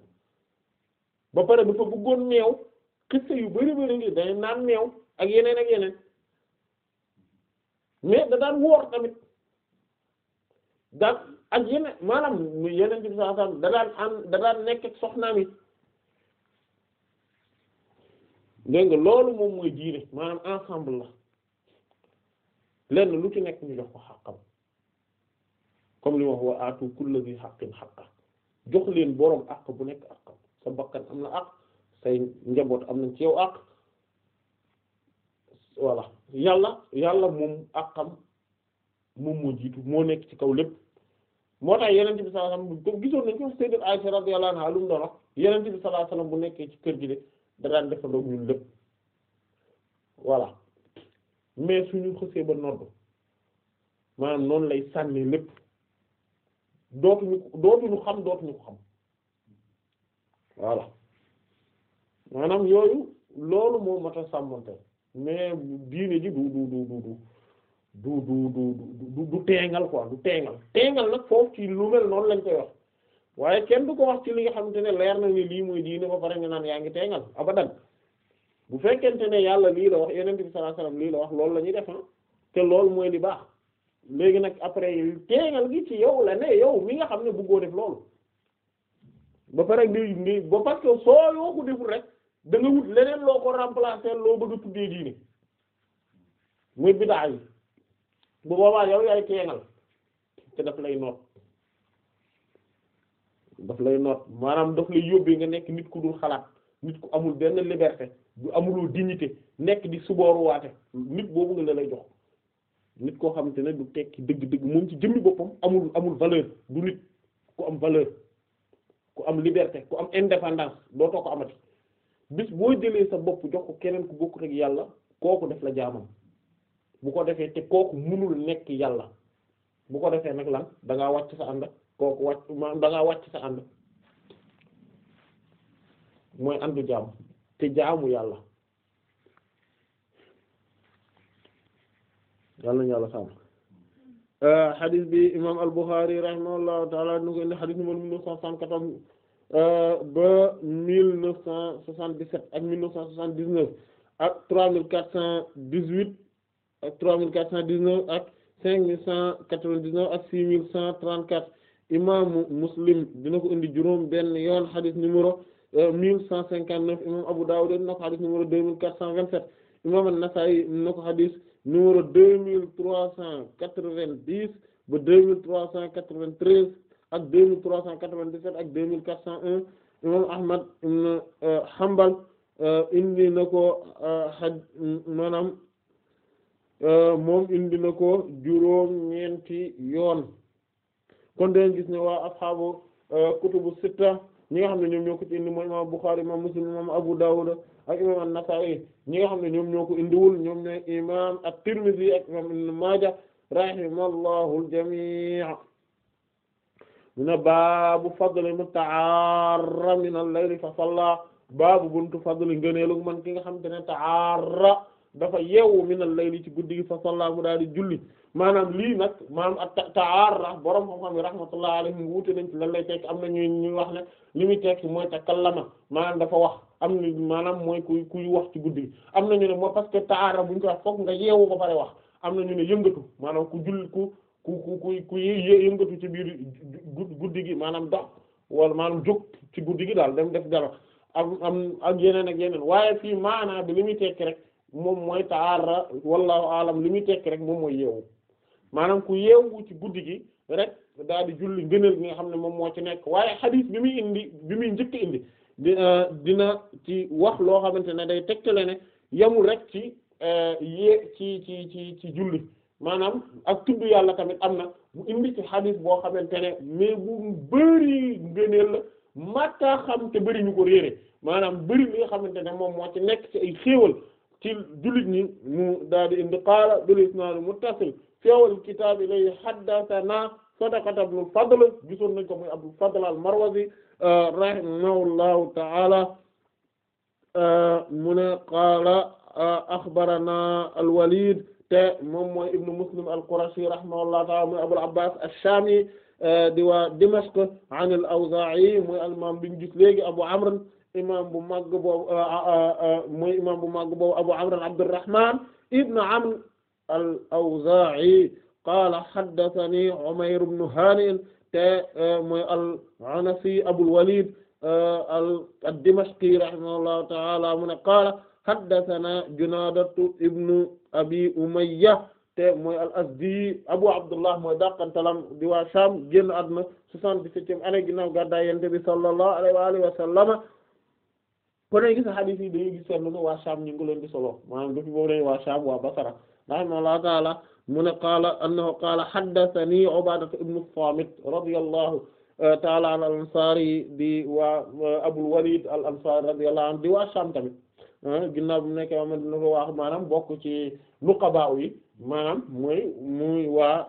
ba pare dafa bëggoon meew kese yu bari bari ngi day naan meew ak yeneen ak yeneen mais da daan woor tamit daan ak yeneen maanaam yeneen ci bi saa da daan nekk ak yi loolu moom mooy diine maanaam ensemble la lenn lu ci nekk ñu jox ko xàqam comme li wax wa aatu kulli dhi haqqin haqqa jox leen boroom àq bu nekk àqam sa bakkan am na àq say njaboot am nañ ci yow àq voilà yàlla yàlla moom xam moom moo jiitu moo nekk ci kaw lépp moo tax yeneen bi sallallahu alayhi wasallam ko gisoon nañ ko sayyidat Aisha radiyallahu lu mu doon wax yeneen bi nekkee ci kër gi de da daan defandoo lépp voilà mais suñu xësee ba nodd maanaam noonu lay sànni lépp dootuñu dootuñu xam dootuñu ko xam voilà maanaam yooyu loolu moo ma a sàmmante mais diine ji du du du du du du du du du teengal quoi du teengal teengal nag foofu ci lu mel noonu lañ koy wax waaye kenn du ko wax ci li nga xamante ne leer na ni lii mooy diine ba pare nga naan yaa ngi teengal abadan bu fekkente ne yàlla lii la wax yeneen bi sallallahu alayhi wasallam lii la wax loolu la ñuy def ah. te loolu mooy li baax léegi nag après teengal gi ci yow la ne yow mi nga xam ne bëggoo def loolu ba pare ngay ngay ba parce que soo yoo ko deful rek da wut leneen loo ko remplacer loo bëgg a tuddee diine muy biddaa yi bu boobaa yow yaay teengal te daf lay noot daf lay noot maanaam daf lay yóbbee nga nekk nit ku dul xalaat nit ku amul benn liberté du amuloo dignité nekk di subooruwaate nit boobu nga la lay jox nit koo xamante ne du tekki dëgg-dëgg moom ci jëmmi boppam amul amul valeur du nit ku am valeur ku am liberté ku am indépendance dootoo ko amati bis boo jëlee sa bopp jox ko keneen ku bokk ak yàlla kooku def la jaamam bu ko defee te kooku mënul nekk yàlla bu ko defee nag lan da ngaa wàcc sa ànd kooku wàcc maanaam wàcc sa ànd mooy àndu jaam te jaamu yàlla yàlla ñu yàlla sàmm xadis euh, bi imam al-Bukhari rahimahullahu taala nu ko indi xadis numéro mille neuf cent soixante-quatorze euh, ba mille neuf cent soixante-dix-sept ak mille neuf cent soixante-dix-neuf ak trois mille quatre cent dix-huit ak trois mille quatre cent dix-neuf ak cinq mille cent quatre-vingt-dix-neuf ak six mille cent trente-quatre imaamu Muslim dina ko indi juróom benn yoon xadis numéro euh, mille cent cinquante-neuf imam Abu Dawud dina ko xadis numéro deux mille quatre cent numéro deux mille trois cent quatre-vingt-dix ba deux mille trois cent quatre-vingt-treize ak deux mille trois cent quatre-vingt-dix-sept ak deux mille quatre cent un imam Ahmad ibn euh, Hanbal euh, indi na ko xaj euh, maanaam moom indi na ko juróom ñeenti yoon kon dañu gis ne waa asxaabu kutubu sitta ñi nga xam ne ñoom ñoo ko ci indi mooy imam Bukhari ma Muslim imam Abu Dawud ak imam an-Nasa'i ñi nga xam ne ñoom ñoo ko indiwul ñoom ñooy imam at-Tirmidhi ak imam Ibn Maaja rahimallahu al-jami' min al-layli fa salla baabu buntu fadli ngëneelu man ki nga xam te ne taarra dafa yeewu min al-layli ci guddi gi fa salla mu daal di julli maanaam lii nag maanaam at taarra borom xam-xam yi rahmatullahi alayhim wuute nañ ci lan lay am na ñuy ñuy wax ne li muy tekki mooy takallama maanaam dafa wax am na maanaam mooy kuy kuy wax ci guddi am na ñu ne moo parce que taara bu ñu ko wax fokk nga yeewu ba pare wax am na ñu ne yëngatu maanaam ku jull ku ku ku ku ku yëngatu ci biir guddi gi maanaam dox wala maanaam jóg ci guddi gi daal dem def dara am am ak yeneen ak yeneen waaye fii maanaa bi li muy tekki rek moom mooy taara wallahu alam li muy tekki rek moom mooy yeewu maanaam ku yeewu ci guddi gi rek daal di julli ngëneel gi nga xam ne moom moo ci nekk waaye xadiis bi muy indi bi muy njëkk indi Euh, dina ci wax loo xamante ne day tegtale ne yamul rek ci euh, yee ci ci ci ci julli maanaam ak tudd yàlla tamit am na bu indi ci xadis boo xamante ne mais bu bëri ngëneel la mataa xam te bëri ñu ko réere maanaam bëri li nga xamante ne moom moo ci nekk ci ay xéewal ci jullit ñi mu daal di indi qaala bil isnaad muttasil feewal kitaab ilay haddathana sadaqata ibn fadl gisoon nañ ko muy abdul fadl al marwazi rahimahullahu ta'ala mu ne qaala axbarana al-Walid te moom mooy ibnu Muslim al-Qurashi rahimahullahu ta'ala mooy Abul Abbas ash-Shami di waa Dimashq an al-Awza'i mooy al-imam bi ñu gis léegi Abu Amr imam bu màgg boobu mooy imam bu màgg boobu Abu Amr Abdurrahman ibn Amr al-Awza'i qaala haddathani Umayr ibn Hani te eh, mooy al-Anasi Abul Walid eh, ad-Dimashqi rahimahullahu ta'ala mu ne qaala haddathana Junaadatu ibnu Abi Umayya te mooy al-Azdi Abu Abdullah mooy dàqantalam di waa Sham génn àdduna soixante-dix-septième année ginnaaw gàddaay Yonent bi sallallahu alayhi wa alihi wa sallama kon gis hadith yi waa Sham ñu ngi leen di solo maanaam depuis boobu dañuy waa Sham waa Basra rahimahullahu ta'ala mu ne qaala annahu qaala haddathani Ubaadatu ibnu Saamit radiyallahu eh, taala an al ansari di waa eh, Abul Walid al ansari radiyallahu anhu di waa Sham tamit eh, ginnaaw bi mu nekkee waa Madina ko waax maanaam bokk ci nuqaba yi maanaam mooy muy waa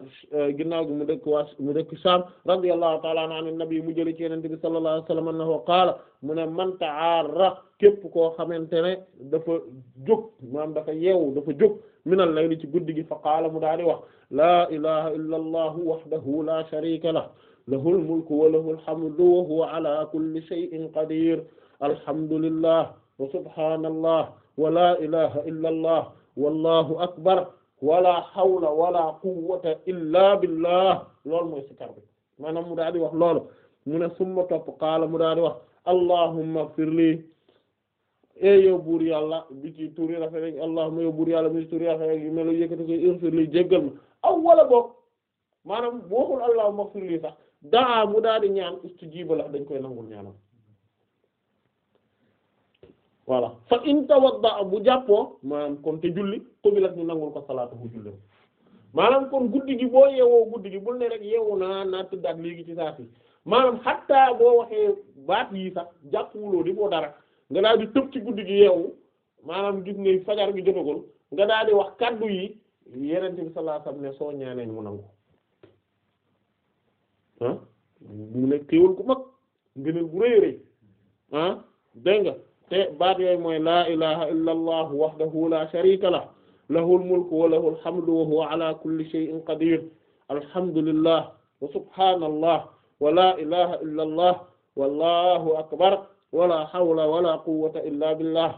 ginnaaw gi mu dëkk waa mu dëkk Sham radiyallahu taala anhu an nabi mu jëli ci Yonent bi sallallahu alayhi wa sallam annahu qaala mu ne man ta'aarra képp koo xamante ne dafa jóg maanaam dafa yeewu dafa jóg minal layli ci guddi gi fa qaala mu daal di wax laa ilaha illa allahu wahdahu la sharika lah lahul mulku wa lahul hamdu wa huwa ala kulli shay'in qadir alhamdulillah wa subhanallah wa la ilaha illa allah wallahu akbar wala hawla wala quwwata illa billah loolu mooy sikar bi maanaam mu daal di wax loolu mu ne summa topp qaala mu daal di wax allahumma ighfir li e yow buur yàlla bi ci turi rafet ak allahumma yow buur yàlla mi ci turi rafet ak yu yëkkati ko ighfir li jéggal ma aw wala boog maanaam bokkul allahumma ighfir li sax daa mu daal di ñaan istijiba la dañ koy nangul ñaanam voilà fa in bu jàppoo maanaam kon te julli qubilat ñu nangul ko salaatu bu julli maanaam kon guddi gi boo yeewoo guddi gi bul ne rek yeewu naa naa tëddaat léegi ci saa maanaam xatta boo waxee baat yi sax jàppuwuloo nga daal di guddi gi yeewu maanaam gis nga fajar gi jotagul nga daal wax kaddu yi yeneen bi sallallahu alayhi wasallam soo ñaanee mu nangu ah mu nekk xéewal ku mag ngëneel bu rëy rëy ah, te baat yooyu mooy laa ilaha illa allah la sharika lah lahul mulku wa lahul hamdu wa huwa ala kulli shay'in qadir wa allah akbar wala hawla wala quwwata illa billah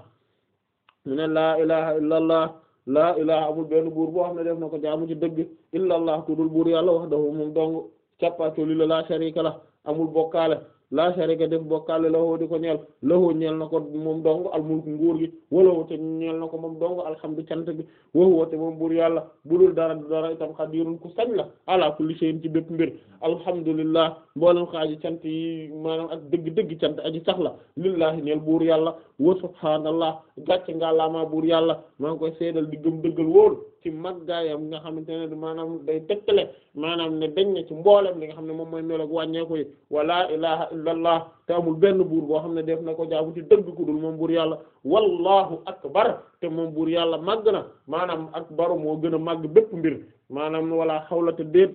mu la laa ilaha illa allah laa ilaha amul benn buur boo xam ne def na ko jaamu ci dëgg illa allah ku dul buur yàlla wahdahu moom dong càppaatoli la la sharika la amul bokkaale laa sharika def bokkaale lahu di ko ñeel lahu ñeel na ko moom dong al mulku nguur gi walawo te ñeel na ko moom dong alhamdu cant gi waxuwa te moom buur yàlla budul dara dara itam xadirun ku sañ la ala kulli shay'in ci bépp mbir alhamdulillah mboolem xaaji cant yi maanaam ak dëgg-dëgg cant aji sax la lillahi ñeel buur yàlla wa subhaanallah gàcce nga laamaa buur yàlla maa ngi koy seedal di gëm dëggal wóolu ci màggaayam nga xamante ne maanaam day le maanaam ne dañ na ci mboolem li nga xam ne moom mooy meloog wàññeeku yi wala ilaha illa allah te benn buur boo xam ne def na ko jaamu ci dëgg ku dul moom buur yàlla wallahu akbar te moom buur yàlla màgg na maanaam akbaru moo gën a màgg bépp mbir maanaam wala xawla te déet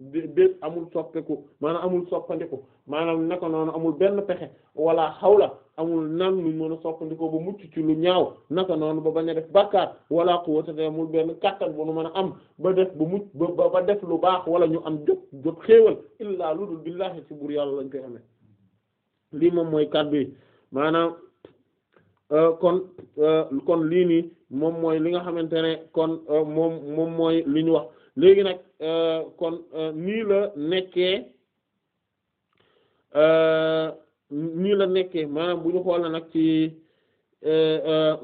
déet amul soppeeku maanaam amul soppandiku maanaam naka noonu amul benn pexe wala xawla amul nan luñ mën a soppandikoo ba mucc ci lu ñaaw naka noonu ba bañ a def bàkkaar wala quwwata amul benn kàttan bu nu mën a am ba def ba mucc ba def lu baax wala ñu am jot jot xéewal illaa lu dul billaahi ci buur yàlla lañ koy amee lii moom mooy kàddu yi maanaam euh, kon euh, kon lii nii moom mooy li nga xamante ne kon euh, moom moom mooy li ñu wax léegi nag euh, kon euh, nii la nekkee euh, nii la nekkee maanaam bu ñu xoolee nag ci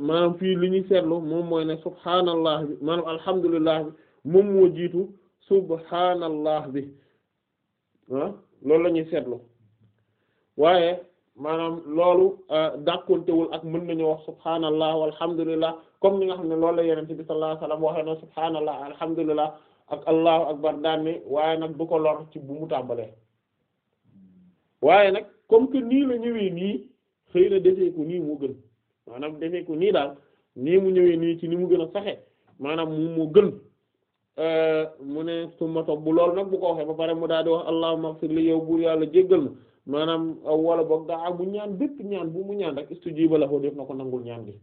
maanaam fii li ñuy seetlu moom mooy ne subhaanallah bi maanaam alhamdulillah bi moom moo jiitu subhaanallah bi ah loolu la ñuy seetlu waaye maanaam loolu dàkkontewul ak mën nañu wax subhaanallah walhamdulillah comme ni nga xam ne lool la yenente bi sallallahu alayhi wasallam waxee na subhaanallah alhamdulillah ak allahu akbar daan ni waaye nag du ko lool ci bu mu tàmbalee waaye nag comme que nii la ñëwee nii xëy na defee ko nii moo gën maanaam defee ko nii daal nii mu ñëwee nii ci ni mu gën a saxe maanaam mu moo gën euh, mu ne suma toog bu lool nag bu ko waxee ba pare mu daal di wax allahumma ighfir li yow buur yàlla jéggal ma maanaam wala boog daa mu ñaan bépp ñaan bu mu ñaan rek istujiba lahu def na ko nangul ñaan gi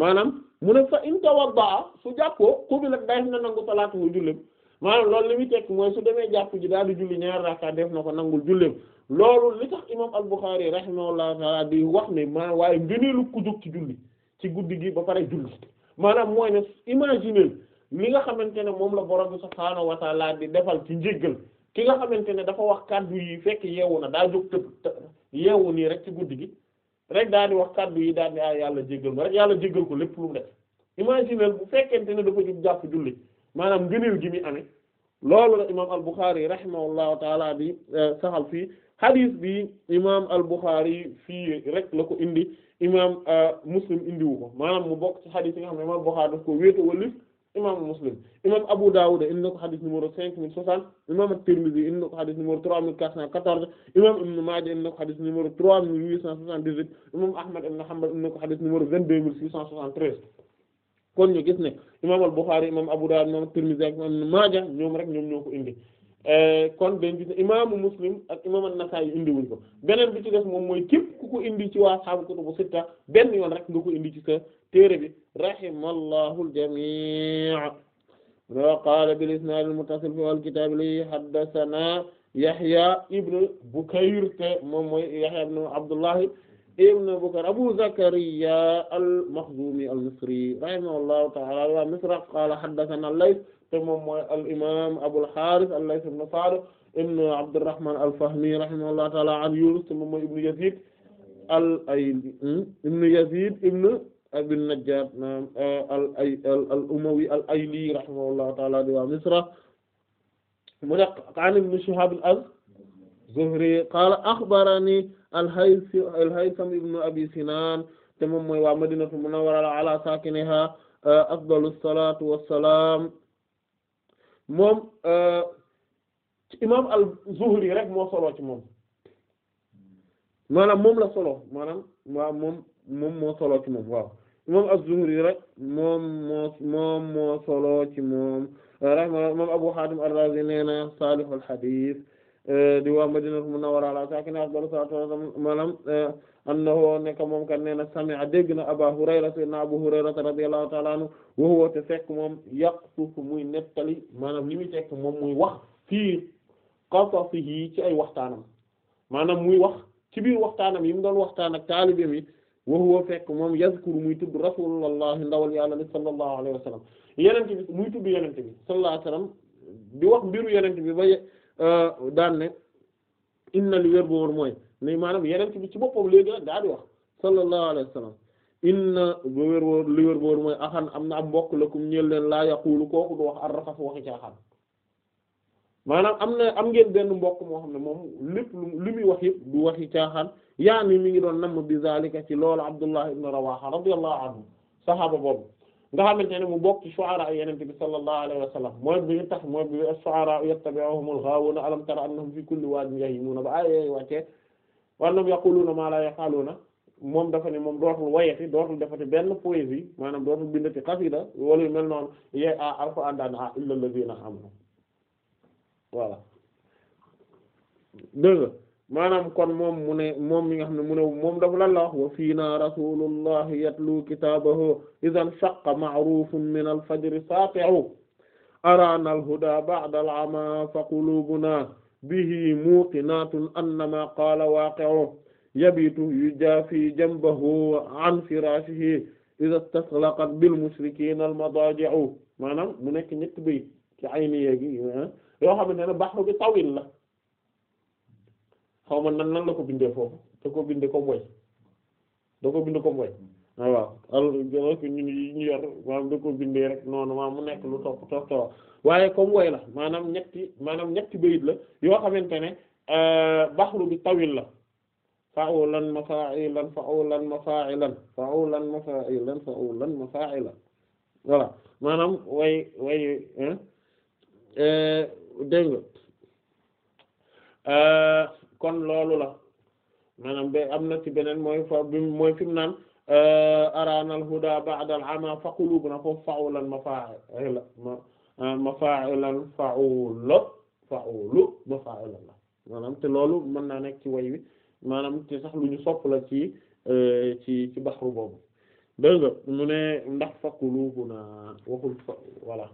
maanaam mu ne fa in baa su jàppoo xubi nag na nangu mu maanaam loolu li mu tekk mooy su demee jàpp ji daal di julli ñaari rakka def na ko nangul julleem loolu li tax imam al-Bukhari rahimahullahu taala di wax ne maanaam waaye ngëneelu ku jóg ci julli ci guddi gi ba pare julli maanaam mooy ne imaginer li nga xamante ne moom la borom bi subhaanahu wa taala di defal ci njéggal ki nga xamante ne dafa wax kaddu yi fekk yeewu na daa jóg tëb yeewu nii rek ci guddi gi rek daal di wax kaddu yi daal di ah yàlla jéggal ma yàlla jéggal ko lépp lu mu def imaginer bu fekkente ne dafa jàpp julli maanaam ngëneel gi mi amee loolu la imaam al-Bukhari rahimahullahu taala di euh, saxal fii hadith bi imaam al-Bukhari fii rek la ko indi imaam euh, Muslim indiwu ko maanaam mu bokk ci imaam Bukhari daf ko wéeto walif imaam Muslim imaam Abu Dawud indi na ko hadith numéro cinq mille soixante imaam at-Tirmidhi indi na ko hadith numéro trois mille quatre cent quatorze imaam Ibn Maaja indi na ko hadith numéro trois mille huit cent soixante-dix-huit imaam Ahmad ibn na imam al-Bukhari imam Abu Dawud imam Tirmidhi ak imam Maaja ñoom rek ñoom ñoo ko indi eh, kon dañ gis ne imaamu Muslim ak imam an-Nasa'i indiwuñ ko beneen bi ci def moom mooy képp ku ko indi ci waa ashaabu kutubu sitta benn yoon rek nga ko indi ci sa téere bi rahimallahu al-jamii' wa qaala bil isnaad al-muttasil fi al-kitaab li haddathana Yahya ibn Bukayr ibn Bukayr Abu Zakariya al-Makhzumi al-Misri rahimahullahu ta'ala wa Misraq qala haddathana al-Layth te moom mooy al-imam Abu al-Harith al-Layth ibn Sa'd ibn Abdurrahman al-Fahmi rahimahullahu ta'ala an Yunus te moom mooy ibn Yazid al-Ayli hmm? ibn Yazid ibn Abi an-Najjar eh, al-Umawi al-Ayli rahimahullahu ta'ala di waa Misra mu ne an ibn Shihab al-Azd Zuhri qaala axbarani al-Haytham ibn Abi Sinan te moom mooy waa Madinatu Munawwara ala saakiniha afdalu salaatu wa salaam moom imaam al-Zuhri rek moo solo ci moom maanaam moom la solo maanaam waaw moom moom moo solo ci moom waaw imaam az-Zuhri rek moom moo moom moo solo ci moom rahma moom Abu Hatim ar-Razi nee na saalihul hadiis di waa madinatul munawwara ala saakinihaa afdalu salaatu wa salaam maanaam eh, annahu nekk moom kat nee na sami'a dégg na Abaa Hurayra sayyidinaa Abuu Hurayra radiyallahu ta'ala anhu wa huwa te fekk moom yaqsufu muy nettali maanaam li muy fekk moom muy wax fii qasasihi ci ay waxtaanam maanaam muy wax ci biir waxtaanam yi mu doon waxtaan ak taalibeem yi wa huwa fekk moom yazkuru muy tudd rasuulullahi ndawal yàlla li sallallahu alayhi wa sallam yonent bi muy tudd yonent bi sallallahu Euh, daan ne inna li wér bu wóor mooy ni maanaam yeneen ci boppam léegi nag daa di wax sallallahu alayhi wa sallam inna li wér bu wóor mooy axan am na am mbokk la kum ñeel leen laa yaqulu kooku du wax arrafas waxi caaxaan maanaam am na am ngeen benn mbokk moo xam ne moom lépp lu muy wax yëpp du waxi caaxaan yaa ni mi ngi doon namm bi zalika ci loolu Abdullah ibn Rawaha radiyallahu anhu saxaaba boobu nga xamante ne mu bokk ci shu'ara yenente bi sallallahu alayhi wa sallam mooy bi tax mooy bi shu'ara yattabi'uhumul ghaawuna alam tara annahum fi kulli waadin yahimuuna ba ay wàccee wa annahum yaquluuna maa laa yaf'aluuna moom dafa ne moom dootul wayati dootul defati benn poésie maanaam dootul bindati xasida wala yu mel noonu ye a alfa àndaana illal lazina amanu voilà dëgg maanaam kon moom mu ne moom mi nga xam ne mu ne moom dafa lan la wax wa fiina rasulullah yatlu kitaabahu idan shaqqa ma'rufun min alfajri saati'u araana alhuda ba'da al'ama fa qulubuna bihi muqinatun annama qaala waaqi'u yabitu yujafi jambahu an firashihi idha istaslaqat bil mushrikina almadaji'u maanaam mu nekk ñett bay ci ayni yeegi ah, yoo xamante ne baxru bi tawil la xaw ma nan nan la ko bindee foofu da ko bindee comme way da ko bindee comme way ah waaw alors que ñun yi ñu yor maanaam da ko bindee rek noonu maanaam mu nekk lu topp topp topp waaye comme way la maanaam ñetti maanaam ñetti bayit la yoo xamante ne euh, baxru bi tawil la fa'ulan mafa'ilan fa'ulan mafa'ilan fa'ulan mafa'ilan fa'ulan mafa'ilan voilà maanaam way way euh, dégg nga euh, kon loolu la maanaam be am na ci beneen mooy fa bi mooy fi mu naan euh, araanal huda ba'dal ama fa qulubuna foofu fa'ulan mafa'ila ah, mafa'ulan fa'ula fa'ulu mafa'ila la maanaam te loolu mën naa nekk ci woy wi maanaam te sax lu ñu sopp la ci euh, ci ci baxru boobu dégg mu ne ndax fa qulubuna waxul fa voilà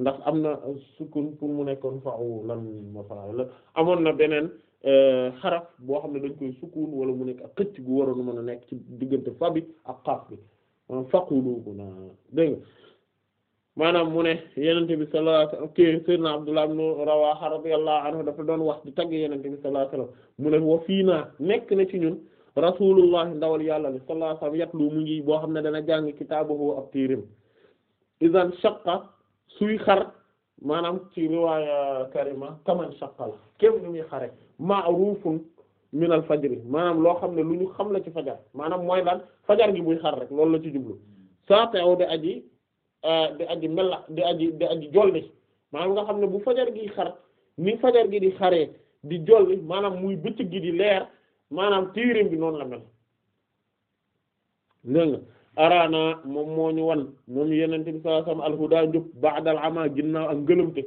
ndax am na sukkun pour mu nekkoon fa'ulan la amoon na beneen Euh, xaraf boo xam ne dañ koy sukun wala mu nekk ak xëcc gu waroon mën a nekk ci diggante fa bi ak xaaf bi euh, faqulu huna dégg nga maanaam mu ne yenente bi sallallahu alayhi wasallam ki sayyidina Abdullah ibn Rawaha radiyallahu anhu dafa doon wax di tagg yenente bi sallallahu alayhi wasallam mu ne wa fii naa nekk na ci ñun rasulullah ndawal yàlla li sallallahu alayhi wasallam yatlu mu ngi boo xam ne dana jàng kitaabahu ab téerim idan shaqqa suy xar maanaam ci riwaaya euh, karima kaman shaqal kéem lu muy xare ma'rufun min al fajri maanaam loo xam ne lu ñu xam la ci fajar maanaam mooy lan fajar gi buy xar rek loolu la ci jublu saa teew di aji euh, di aji mella di aji di aji jolli maanaam nga xam ne bu fajar gi xar ni fajar gi di xaree di jolli maanaam muy bëccëg gi di leer maanaam tiirim bi noonu la mel dégg araana moom moo ñu wan moom yenente bi sallallahu alayhi wasallam alhuda njub ba'dal ama ginnaaw ak ngëlëmte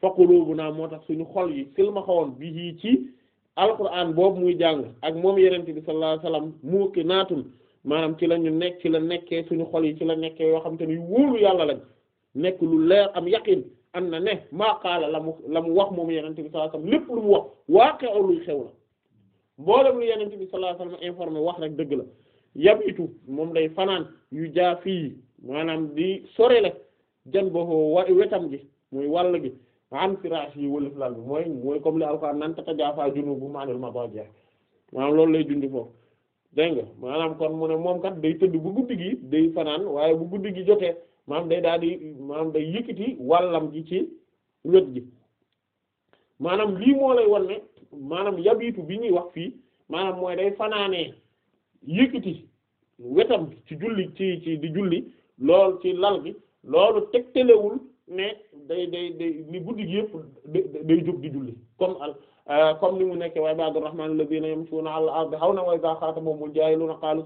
fa naa moo tax suñu xol yi silma xawoon bi yii ci alquran boobu muy jàng ak moom yenente bi sallallahu alayhi wasallam muuki maanaam ci la ñu nekk ci la nekkee suñu xol yi ci la nekkee yoo xam te ne yu wóolu yàlla lañ nekk lu leer am yaqin am na ne maa qaala la mu la wax moom yenente bi sallallahu alayhi wasallam lépp lu mu wax waaqe oluy xew la mboolem lu yenente bi sallallahu alayhi informé wax rek dëgg la yabitu moom day fanaan yu jaa fii maanaam di sorele jan boo wa wetam gi muy wàll gi an firaash yi wëlif lal bi mooy mooy comme li alquran nan tatajaafaa junubuhum anil madaaji' maanaam loolu lay dundi foofu dégg nga maanaam kon mu ne moom kat day tëdd bu guddi gi day fanaan waaye bu guddi gi jotee maanaam day daal maanaam day yëkkati wàllam gi ci wet gi maanaam lii moo lay won ne maanaam yabitu bi ñuy wax fii maanaam mooy day fanaanee yëkkati wetam ci julli ci ci di julli lool ci lal bi loolu tegtalewul ne day day day ni guddi gi yëpp day jóg di julli comme al euh, comme ni mu nekkee waaye ibaadu rahmaan alladhiina yamshuuna alal ardi hawnan wa idhaa xaatabahumul jaahiluuna qaaluu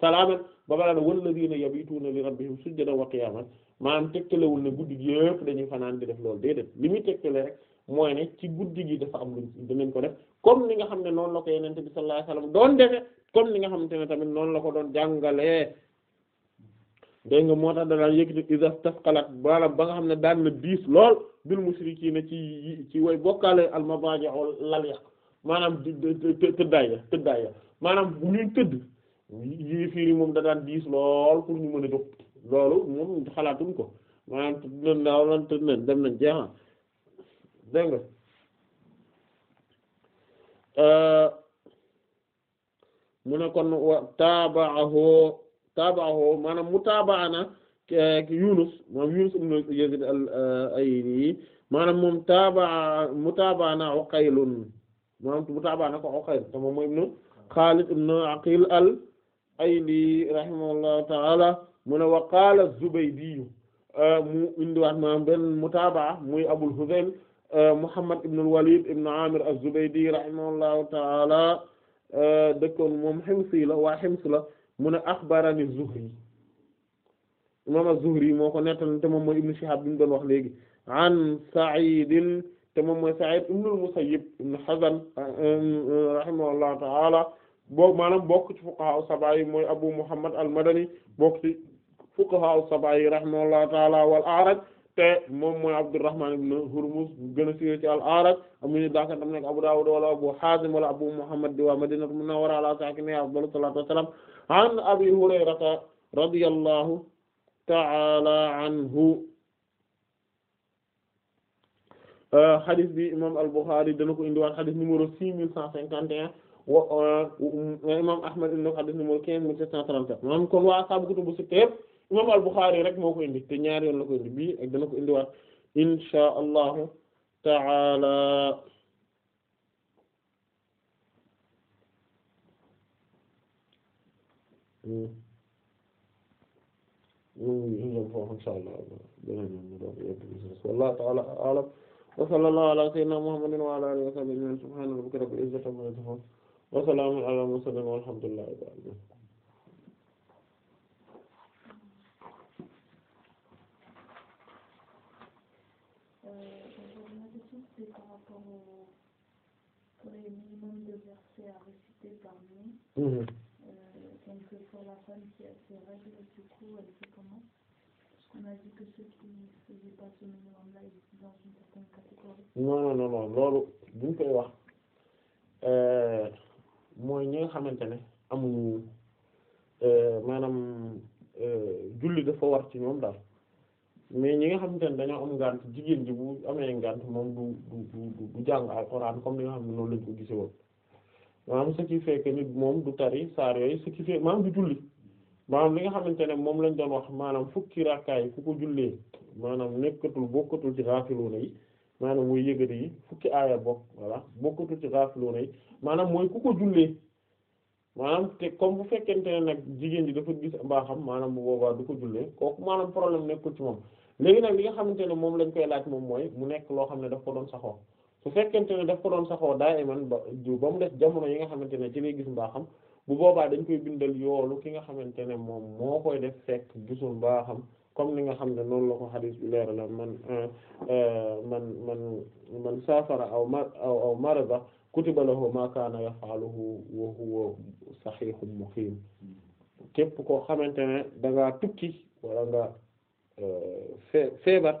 salaaman ba pare wallaziina yabiituuna li rabbihim sujjadan wa qiyaaman maanaam tegtalewul ne guddi gi yëpp dañuy fanaan di def loolu dem li muy tegtale rek mooy ne ci guddi gi dafa am lu dinañ ko def comme ni nga xam ne noonu la ko yonent bi sallallahu alayhi wasallam doon defe comme ni nga xam ne tamit noonu la ko doon jàngalee dégg nga moo tax da daan yëkkati isas tasqalat wala ba nga xam ne daan na diis lool bil musrikiina ci ci way bokkaale al mabaaji maanaam tëddaay ya tëddaay ya maanaam bu tëdd yi fiir moom da daan diis lool pour ñu mën a loolu moom xalaatuñ ko maanaam tëdd na daaw lan na dem nañ mu ne kon wa taabaahu taabaahu maanaam mu taabaana eh, Yunus moom Yunus ibn mu taabaana Uqaylun Aqil al-Ayli rahimahullahu ta'ala mu ne wa qaala Zubaydi eh, mu indiwaat maanaam benn mutaabaa muy Abul Hudayl eh, Muhammad ibn al-Walid ibn Amir az-Zubaydi rahimahullahu ta'ala dëkkoon moom Himsi la waa Hims la mu ne axbarani Zuhri moo ko nettal te moom mooy Ibn Shihab bi mu doon wax léegi an Sa'id te moom mooy Sa'id ibn al-Musayyib ibn Hazn rahimahullahu ta'ala fuqaha sab'a yi mooy Abu Muhammad al-Madani bokk ci fuqaha sab'a yi rahimahullahu ta'ala wal A'raj te moom mooy Abdurrahman ibn Hurmuz gën al-A'raj amuñu daaka tam nekk Abu Dawud wala Abu Hazim wala Abu Muhammad di waa Madinatul Munawwara ala saakinihaa afdalu salaatu wassalaam an Abi Hurayrata radiyallahu ta'ala anhu hadis bi imam al-Bukhari dana ko indiwaat hadis six mille cent cinquante et imam Ahmad indi na ko hadis numéro quinze cent trente-sept maanaam kon waa saabu kutubu sitta imam al-Bukhari rek moo ko indi te ñaari yoon la ko indi bii ak dana ko indiwaat insha allahu taala wallahu taala alam wa sallallahu ala sayyidina muhammadin wa ala alihi wa sahbihi subhana rabbika rabbil izzati amma yasifun wa salamun ala mursalin walhamdulillahi rabbil alamin et à réciter loolu bu ñu koy wax euh, mooy ñi nga xamante ne amul euh, maanaam euh, julli dafa war ci ñoom daal. mais ñi nga xamante ne dañoo am ngànt jigéen ji bu amee ngànt moom du du du du jàng alxuraan comme ni nga xam ne noonu lañ ko gisee woon maanaam ce qui fait que nit moom du tari saar yooyu ce qui fait maanaam du julli maanaam li nga xamante ne moom lañ doon wax maanaam fukki rakkaay fu ko jullee maanaam nekkatul bokkatul ci raafiluuna yi maanaam mooy yëgati yi fukki aaya bokk voilà bokkatul ci raafiluuna yi maanaam mooy ku ko jullee maanaam te bu fekkente ne nag jigéen ji dafa gis mbaaxam maanaam bu boobaa du ko jullee kooku maanaam problème nekkul ci moom léegi nag li nga xamante ne moom lañ koy laaj moom mooy mu nekk loo xam ne daf ko doon saxoo su fekkente ne daf ko doon saxoo daayiman ba ba mu des jamono yi nga xamante ne ci lay gis mbaaxam bu boobaa dañ koy bindal yoolu ki nga xamante ne moom moo koy def fekk gisul mbaaxam comme ni nga xam ne noonu la ko xadis bi leer la man euh, man man man saafara aw ma aw aw marada kutiba lahu ma kaana yafaaluhu wa huwa saxiixun muqiim képp koo xamante ne da ngaa tukki walla nga euh, feebar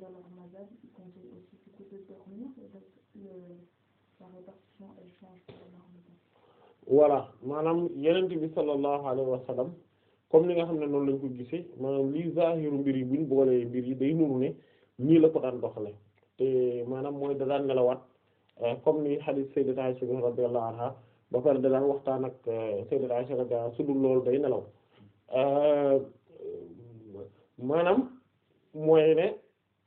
choses maanaam yenent bi sallallahu alayhi wa sallam comme ni nga xam ne noonu lañ ko gisee maanaam lii zahiru mbir yi buñ boolee mbir yi day nuru ne nii la ko daan doxale te maanaam mooy da daan nelawaat euh, comme ni hadith sayyidat Aisha radiyallahu anha ba pare da daan waxtaan ak euh, sayyidat Aisha radiyallahu anha su dul loolu day nelaw euh, maanaam mooy ne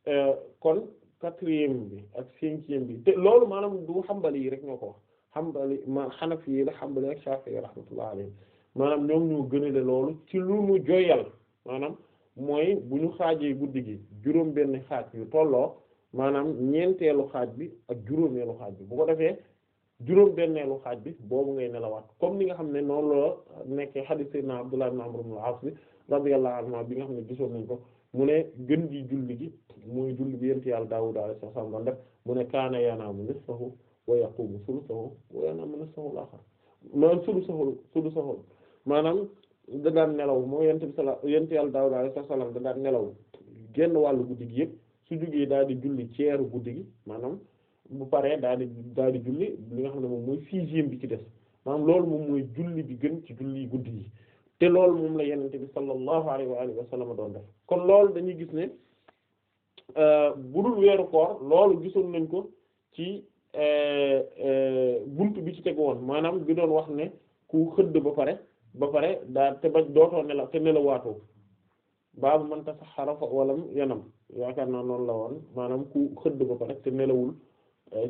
Euh, kon quatrième bi ak cinquième bi te loolu maanaam du xambali yi rek ñoo ko wax xambali ma xanafi yi la xambali ak saafi yi rahmatullah alayhi maanaam ñoom ñoo gënale loolu ci lu mu joyal maanaam mooy bu ñu xaajee guddi gi juróom benn xaaj yu tolloo maanaam ñeenteelu xaaj bi ak juróomeelu xaaj bi bu ko defee juróom benneelu xaaj bi boobu ngay nelawaat comme ni nga xam ne noonu la nekkee hadith sayyidina Abdullah ibn Amr ibn al-As bi radiyallahu bi nga xam ne gisoon nañ ko mu ne gën ji julli gi mooy julli bi yent yàlla Daawuud alayhi salaam doon def mu ne kaana yanaamu nisfahu wa yaqumu sulusahu wa yanaamu nisfahu al-aaxar maanaam sulusahu maanaam da daan nelaw moo yent bi sala yent yàlla Daawuud alayhi salaam da daan nelaw genn wàllu guddi gi su jógee daal di julli ceeru guddi gi maanaam bu paree daal di daal di julli li nga xam ne moom mooy sixième bi ci des maanaam loolu moom mooy julli bi gën ci julli guddi yi te loolu moom la yenente bi sallallahu alayhi wa alihi wa sallam doon def kon loolu dañuy gis ne euh, bu dul weeru koor loolu gisoon nañ ko ci euh, euh, bunt bi ci teg woon maanaam bi doon wax ne ku xëdd ba pare ba pare daal te ba dootoo nelaw te nelawaatoo baabu man tasaxara fa walam yanam yaakaar naa noonu la woon maanaam ku xëdd ba pare te nelawul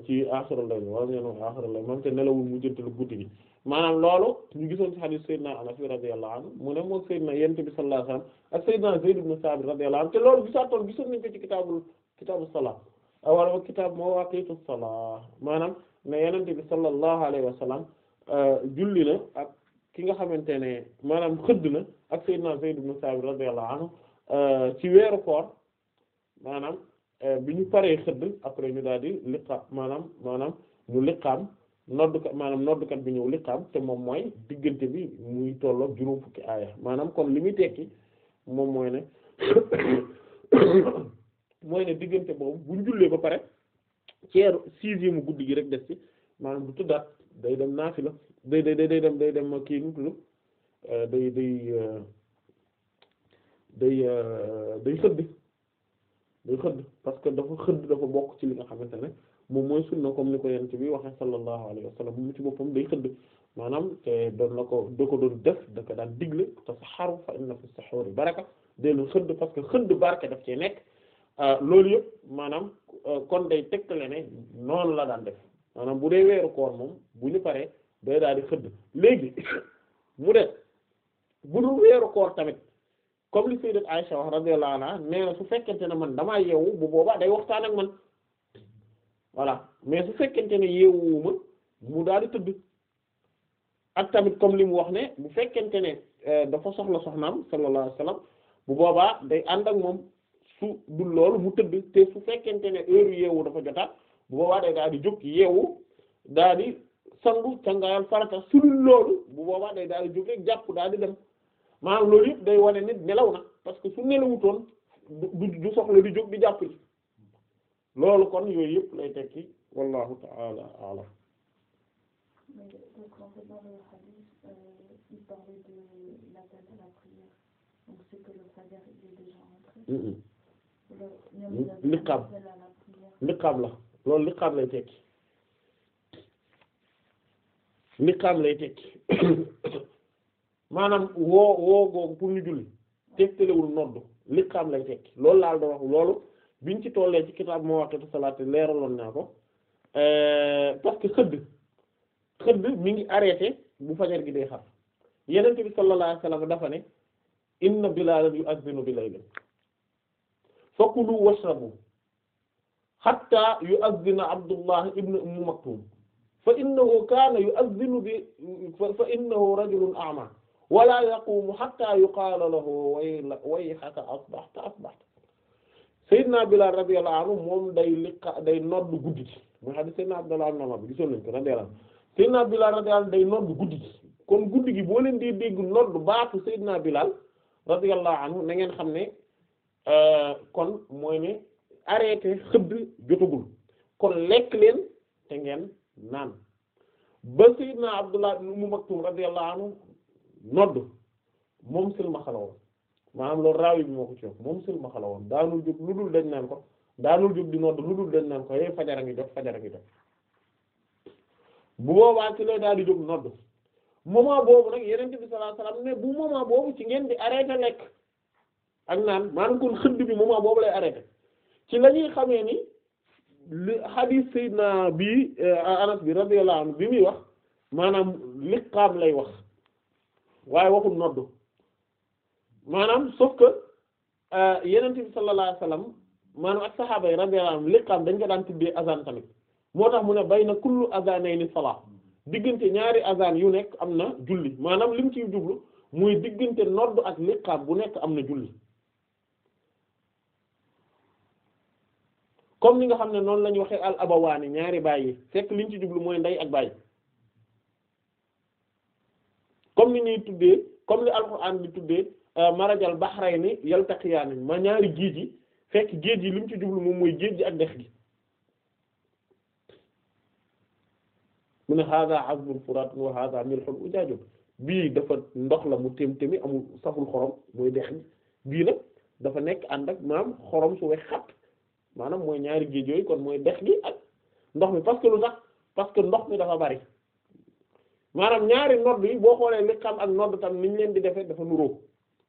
ci aaxiral lay walam yanam aaxiral lay moom te nelawul mu jëntal guddi bi maanaam loolu ñu gisoon ci hadith Seydina Anas bi radiyallahu anhu mu ne moom Seydina Yonent bi sallallahu alayhi wasallam ak Seydina Zayd ibn Sabit radiyallahu anhu te loolu gisaatoon gisoon nañu ko ci kitaabul kitaabu salaat wala kitaab mawaaqiitu salaat maanaam ne Yonent bi sallallahu alayhi wasallam euh, julli na ak ki nga xamante ne maanaam xëdd na ak Seydina Zayd ibn Sabit radiyallahu anhu euh, ci weeru koor maanaam euh, bi ñu paree xëdd après ñu daal di liqaam maanaam maanaam ñu liqaam noddukat maanaam noddukat bi ñëw liqaam te moom mooy diggante bi muy tolloog juróom fukki aaya maanaam kon li muy tekki moom mooy ne mooy ne diggante boobu buñ jullee ba pare ceeru sixième guddi gi rek des ci maanaam du tuddaat day dem naafila day day day dem day dem kii nu tudd euh, day day euh, day euh, day xëdd day xëdd parce que dafa xëdd dafa bokk ci li nga xamante ne moom mooy sunna comme ni ko yent bi waxe sallallahu alayhi wa sallam mu ci boppam day xëdd maanaam te eh, doon na ko da ko doon def da ko daan digle te saxaru fa inna fi saxoori baraka dee leen parce que xëdd barke daf cee nekk ah, loolu yëpp maanaam eh, kon day tegtale ne noonu la daan def maanaam bu dee weeru koor moom bu ñu paree day daal di xëdd léegi mu def bu dul weeru koor tamit comme li sayyidat Aisha wax radiyallahu anha nee na su fekkente ne man damaa yeewu bu boobaa day waxtaan ak man voilà mais su fekkente ne yeewuwuma mu daal di tëdd ak tamit comme li mu wax ne bu fekkente ne euh, dafa soxla soxnaam sallallahu alayhi bu boobaa day ànd ak moom su dul loolu mu tëdd te su fekkente ne heure yeewu dafa jotaat bu boobaa day daal di jóg yeewu daal di sangu cangaayal farata su dul loolu bu boobaa day daal di jóg jàpp daal di dem maanaam loolu yëpp day wane ne nelaw na parce que su nelawutoon du du soxla di jóg di jàpp ci loolu kon yooyu yëpp lay tekki wallahu ta'ala a'lam liqaab mm-hmm. la loolu liqaab lay tekki liqaab lay tekki maanaam woo woo googu pour ñu julli tegtalewul nodd liqaab lay tekki loolu laal da wax loolu biñ ci tollee ci kitaab Mawaaqiitu Salaat leeraloon naa ko euh, parce que xëdd xëdd mi ngi arrêté bu fajar gi day xar Yonent bi sallallaahu alayhi wa sallam dafa ne inna Bilaalan yu'adhdhinu bi-laylin fakulu washrabu hatta yu'adhdhina Abdullah ibn Umm Maktum fa innahu kaana yu'adhdhinu bi fa innahu rajulun a'maa wa laa yaquumu hatta yuqaala lahu wayhaka asbahta asbahta Seydina Bilaal radiyallahu anhu moom day liqa day nodd guddi gi mooy xam ne Seydina Abdullah Bilaal radiyallahu anhu day nodd guddi gi kon guddi gi boo leen di dégg nodd baatu Seydina Bilaal radiyallahu anhu na ngeen xam ne euh, kon mooy ne arrêté xëdd jotagul kon lekk leen te ngeen naan ba Seydina Abdullah ibn Umm Maktum radiyallahu anhu nodd moom silmaxa la maanaam loolu raawi bi moo ko ci wax moom silma xala woon daanul jóg lu dul dañ naan ko daanul jóg di nodd lu dul dañ naan ko yooyu fajara ngi jot fajara ngi jot bu boobaa ci lay daal di jóg nodd moment boobu nag yeneen bi sallallahu alayhi wasallam bu moment boobu ci ngeen di arrêté lekk ak naan maanaam kon xëdd bi moment boobu lay arrêté ci la ñuy xamee ni li xadiis sayyidina bi euh, Anas bi radiyallahu anhu bi muy wax maanaam liqaam lay wax waaye waxul nodd maanaam sauf que euh, yenent bi sallallahu alayhi maanaam ak saxaaba yi radiyallahu anhum liqaam dañ ko daan tuddee azan tamit moo tax mu ne bayna kullu azanayni salaa diggante ñaari azan yu nekk am na julli maanaam lim ciy jublu muy diggante nodd ak liqaam bu nekk am na julli comme li nga xam ne noonu la waxee al abawaani ñaari baay yi fekk liñ ci jublu mooy ndey ak baay comme ni ñuy tuddee comme li alxuraan di tuddee Euh, marajal bahrayni yaltaqiyaani ma ñaari géej yi fekk géej yi li mu ci jublu moom mooy géej gi ak dex gi mu ne hada azbun furat wa hada milhun ujaajun bii dafa ndox la mu tém témi amul saful xorom mooy dex gi bii nag dafa nekk ànd ak maam xorom su wex xat maanaam mooy ñaari géej yooyu kon mooy dex gi ak ndox mi parce que lu tax parce que ndox mi dafa bari maanaam ñaari nodd yi boo xoolee li xam ak nodd tam niñ leen di defee dafa nuroo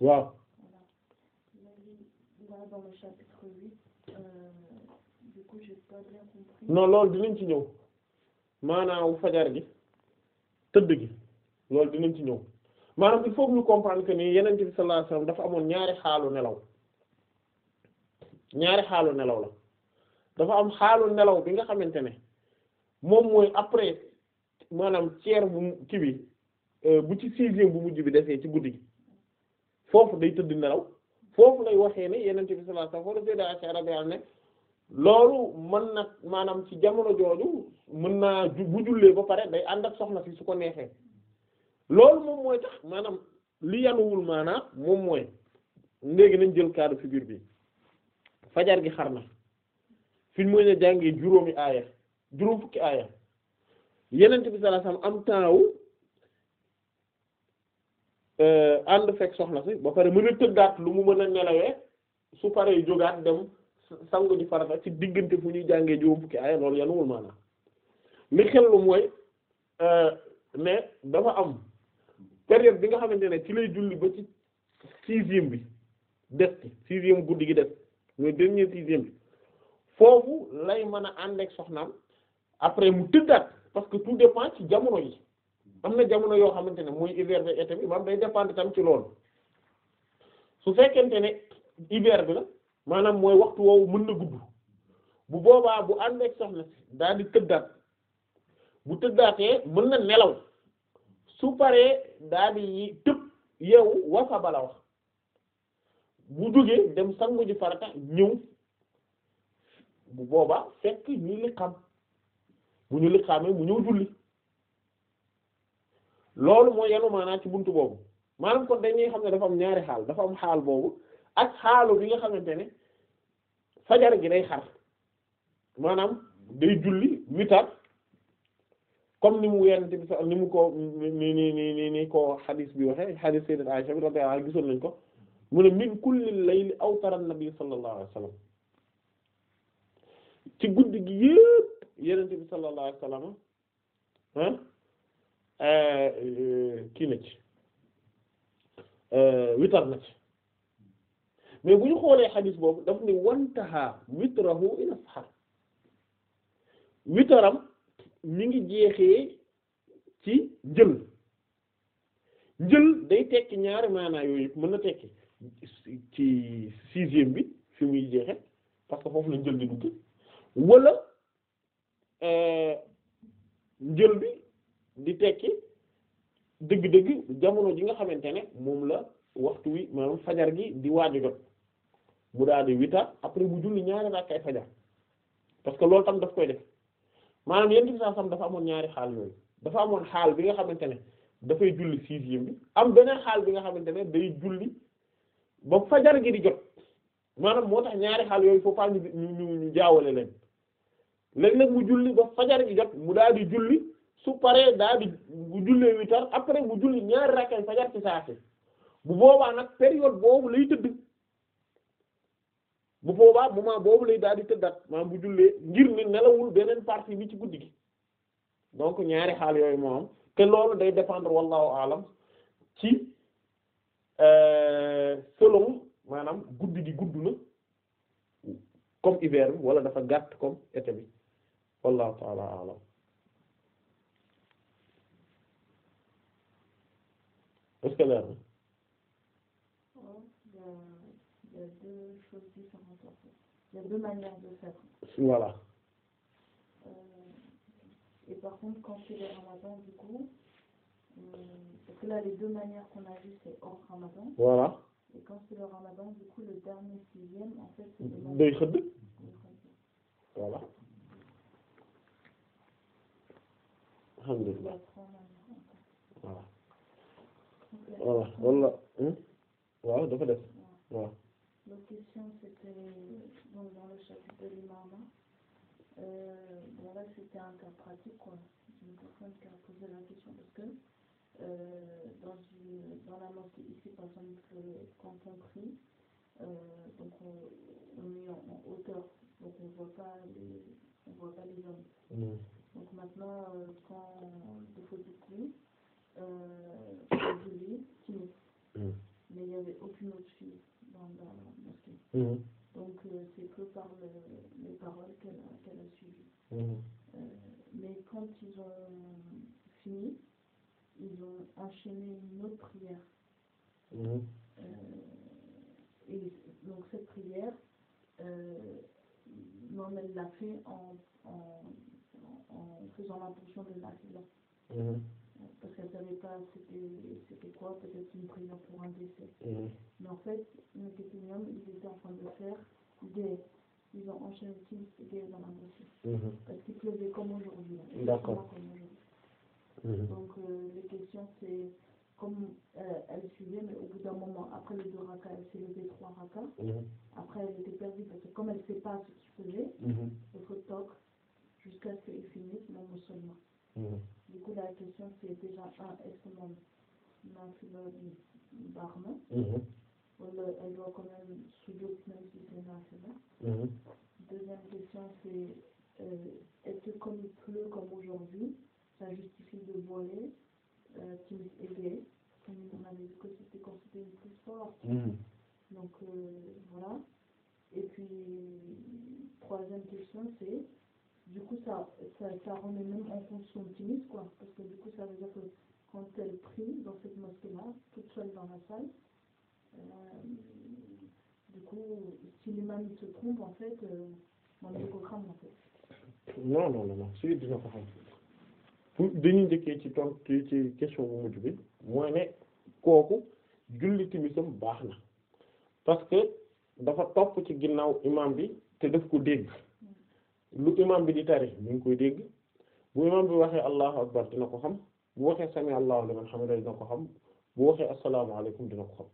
waaw. non lool dinañ ci ñëw maanaam fajar gi tëdd gi loolu dinañ ci ñëw maanaam il faut que ñu comprendre que ni Yonent bi sallallahu alayhi dafa amoon ñaari xaalu nelaw ñaari xaalu nelaw la dafa am xaalu nelaw bi nga xamante ne moom mooy après maanaam tiers bu kii bi euh, bu ci sixième bu mujj bi defee ci guddi gi foofu day tëdd nelaw foofu lay waxee ne yenente bi sallallahu alayhi wasallam Sayyida Aisha radiyallahu anha loolu mën na maanaam ci jamono jooju mën naa bu jullee ba pare day ànd ak soxna si su ko neexee loolu moom mooy tax maanaam li yanuwul maanaam moom mooy léegi nañ jël cas de bi fajar gi xar na fi mu ne jàngee juróomi aaya juróom fukki aaya yenent bi sallallahu am temps Euh, ànd fekk soxna si ba pare mën a tëddaat lu mu mën a nelawee su paree jógaat dem sangu ji farata ci diggante fu ñuy jàngee juróom fukki aaya loolu yanuwul maanaam li xellu mooy euh, ne dafa am période bi nga xamante ne ci lay julli ba ci sixième bi des ci sixième guddi gi des mooy dernier sixième bi foofu lay mën a ànd ak après mu tëddaat parce que tout dépend ci jamono yi am na jamono yoo xamante ne muy hiver bi été bi maanaam day dépendre tam ci loolu su fekkente ne hiver bi la maanaam mooy waxtu woowu mën na gudd bu boobaa bu ànd ak soxna si daal di tëddaat bu tëddaatee mën na nelaw su paree daadi di tëb yeewu wasa wax bu jógee dem sangu ji farata ñëw bu boobaa fekk ñuy liqam bu ñu liqamee mu ñëw julli loolu moo yenu maanaam ci buntu boobu maanaam kon dañuy xam ne dafa am ñaari xaal dafa am xaal boobu ak xaalu bi nga xamante ne fajar gi day xar maanaam day julli witar comme ni mu yenante bi sa ni mu ko ni ni ni ni ni ko xadis bi waxe xadis sayyidat Aisha bi radiyallahu anha gisoon nañ ko mu ne min kulli layli awtara nabi sallallahu alayhi wasallam ci guddi gi yépp yenente bi sallallahu alayhi wasallam Euh, euh, kii na ci euh, witar na ci mais bu ñu xoolee xadis boobu daf ni wantaha witrahu ila sahar mi ngi jeexee ci njël njël day tekki ñaari maanaa yooyu mën na tekki ci sixième bi fi muy jeexe parce que foofu la njël di dugg wala njël bi di tekki dëgg-dëgg jamono ji nga xamante ne moom la waxtu wi maanaam fajar gi di waaj a jot mu daal di witar après mu julli ñaari rakkay fajar parce que loolu tam daf koy def maanaam yenn saa sam dafa amoon ñaari xaal yooyu dafa amoon xaal bi nga xamante ne dafay julli sixième bi am beneen xaal bi nga xamante ne day julli ba fajar gi di jot maanaam moo tax ñaari xaal yooyu foofa ñu ñu ñu jaawale leen léeg-léeg mu julli ba fajar gi jot mu daal di julli. su paree daal di bu jullee huit après bu julli ñaari rakkay fajar ci saasi bu boobaa nag période boobu lay tëdd bu boobaa moment boobu lay daal di tëddaat ma bu jullee ngir ni nelawul beneen partie bi ci guddi gi donc ñaari xaal yooyu moom am te loolu day dépendre wallahu alam ci euh, selon maanaam guddi gi gudd na comme hiver bi wala dafa gàtt comme été bi wallahu taala alam est-ce que leer voilà. Euh, et par contre quand c'est le ramadan du coup euh, parce que là les deux manières qu'on a vues c'est hors ramadan. voilà. et quand c'est le ramadan du coup le dernier sixième en fait. day xëdd. voilà. alhamdulillah. voilà ah, wala hmm? waaw dafa def waaw la question c'était donc dans le chapitre de l'imama euh, bon là c'était un cas pratique quoi c'est une personne qui a posé la question parce que euh, dans une dans la mosquée euh, donc on, on est en, donc on voit pas les on voit mm. donc maintenant euh, quand il faut julli euh, mm. mais il n'y avait aucune autre fille dans la mosquée mm. donc euh, c'est que par les paroles qu'elle qu'elle a suivies mm. euh, mais quand ils ont fini ils ont enchaîné une prière euh, et donc cette prière euh, l'a fait en en en faisant l'intention de nafila parce qu'elle ne savait pas c'était quoi, peut-être une prière pour un décès. Mmh. Mais en fait, le tétinium, ils étaient en train de faire des, ils ont enchaîné des dans la mmh. Parce qu'il pleuvait comme aujourd'hui. D'accord. Aujourd mmh. Donc euh, les questions, c'est comme euh, elle suivait, mais au bout d'un moment, après les deux rakas, elle s'est levée trois rakas. Mhm. Après, elle était perdue parce que comme elle ne sait pas ce qu'il faisait, il faut toc jusqu'à ce qu'il finisse, non seulement. Mhm. Du coup, la question c'est déjà un, ah, est-ce que mon naafila bi baax na. wala elle doit quand même sujjóot même si c'est naafila. Mhm. Deuxième question c'est euh, est-ce que comme il pleut aujourd'hui ça justifie de voiler euh, timis éveillé comme on avait dit que c'était considéré plus fort. Mmh. Donc euh, du coup, ça, ça, ça rend les mêmes en fonction optimiste, quoi. Parce que du coup, ça veut dire que quand elle dans cette mosquée-là, toute seule dans la salle, euh, du si l'imam se trompe, en fait, euh, dans le programme, non non non non suy dina ko xam pour dañuy njëkkee ci tontu ci question bu mujj bi mooy ne kooku julli timisam baax na parce que dafa topp ci ginnaaw imam bi te daf ko dégg lu imam bi di tari mi ngi koy dégg bu imam bi waxee allahu akbar dina ko xam bu waxee sami allahu liman hamida dina ko xam bu waxee assalaamu alaykum dina ko xam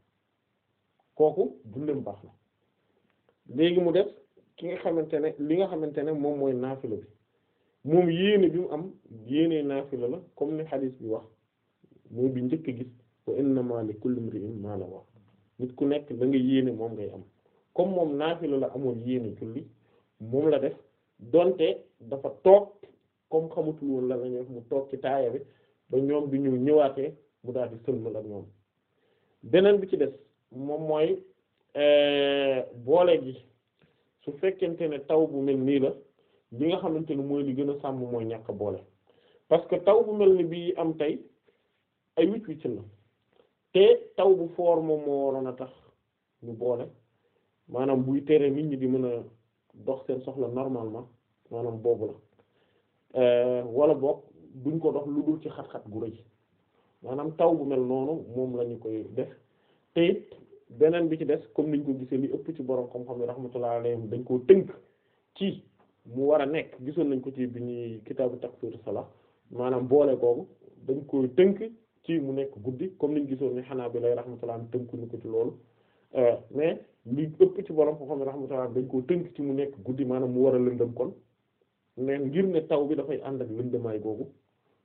kooku julleem baax na léegi mu def ki nga xamante ne li nga xamante ne moom mooy naafila bi moom yéene bi mu am yéenee naafila la comme ni xadis bi wax moom bi njëkk gis wa innama li kulli imri'in ma nit ku nekk la nga yéene moom ngay am comme moom naafila la amoon yéene julli moom la def donte dafa toog comme xamutul woon la lañu mu toog ci taaya bi ba ñoom bi ñu ñëwaatee bu daal di sëlmal ak ñoom beneen bi ci des moom mooy euh, boole gi su fekkente ne taw bu mel nii la li nga xamante ni mooy li gën a sàmm mooy ñàkk boole parce que taw bu mel ni bii am tey ay wicc wicc la te taw bu foor moom moo waroon a tax ñu boole maanaam buy tere nit ñi di mën a dox seen soxla normalement maanaam boobu la euh, wala boog duñ ko dox lu dul ci xat-xat gu rëy maanaam taw bu mel noonu moom la ñu koy def te it beneen bi ci des comme niñ ko gisee li ëpp ci borom xam-xam yi rahmatullahi alayhim dañ koo tënk ci mu war a nekk gisoon nañ ko ci bi ñuy kitaabu takfir salah maanaam boole googu dañ koy tënk ci mu nekk guddi comme ñu gisoon ni xanaa bi lay rahmatullahi tënkuñu ko ci loolu Euh, mais li ëpp ci borom foo xam ne rahmatullah dañ koo tënk ci mu nekk guddi maanaam mu war a lëndëm kon mais ngir ne taw bi dafay ànd ak lëndëmaay googu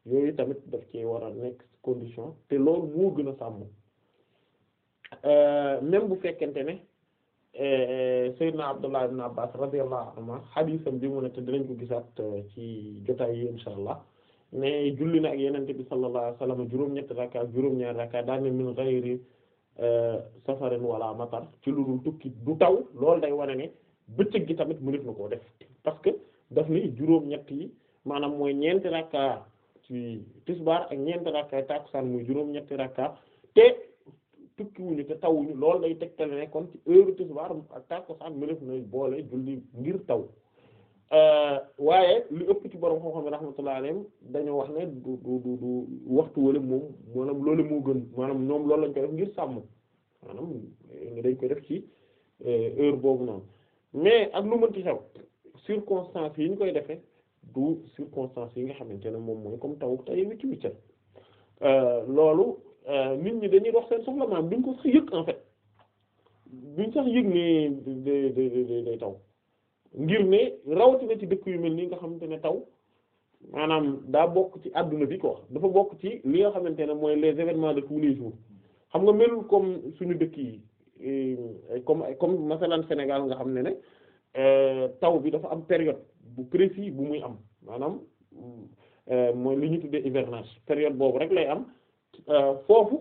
yooyu tamit daf ci war a nekk condition te loolu moo gën a sàmm euh, même bu fekkente ne euh, Seydina Abdullah ibn Abbas radiyallahu anhuma xadiisam bi mu ne te dinañ ko gisaat ci jotaay yi insha allah mais julli na ak yenente bi sallallahu alayhi wasallam juróom-ñetti rakka juróom-ñaari rakka daal ne min ghayri Euh, safarin wala matar ci lu dul tukki du taw loolu day wane ne bëccëg gi tamit mëneef na koo def parce que daf ni juróom-ñett yi maanaam mooy ñeenti rakka ci tisbaar ak ñeenti rakka takusaan muy juróom-ñetti rakka te tukkiwuñu te tawuñu loolu day tegtale ne kon ci heure ak takusaan mëneef na boole julli ngir taw Euh, waaye lu ëpp ci borom xam-xam yi rahmatullah alayhim dañoo wax ne du du du waxtu wala moom maanaam loolu moo gën maanaam ñoom loolu lañ koy def ngir sàmm maanaam dañ koy def ci euh, heure boobu noonu mais ak lu mënti xew circonstances yi ñu koy defee du circonstances yi nga xamante ne moom mooy comme taw tey wicc wiccal euh, loolu nit ñi dañuy wax seen soxla maanaam duñ ko sax yëg en fait duñ sax yëg ne day day day taw. ngir ne rawatina ci dëkk yu mel nii nga xamante ne taw maanaam daa bokk ci àdduna bi quoi dafa bokk ci li nga xamante ne mooy les événements de tous les jours xam nga melul comme suñu dëkk yi eh, comme ay comme masalan Sénégal nga xam ne ne euh, taw bi dafa am période bu précis bu muy am maanaam euh, mooy li ñu tuddee hivernage période boobu rek lay am euh, foofu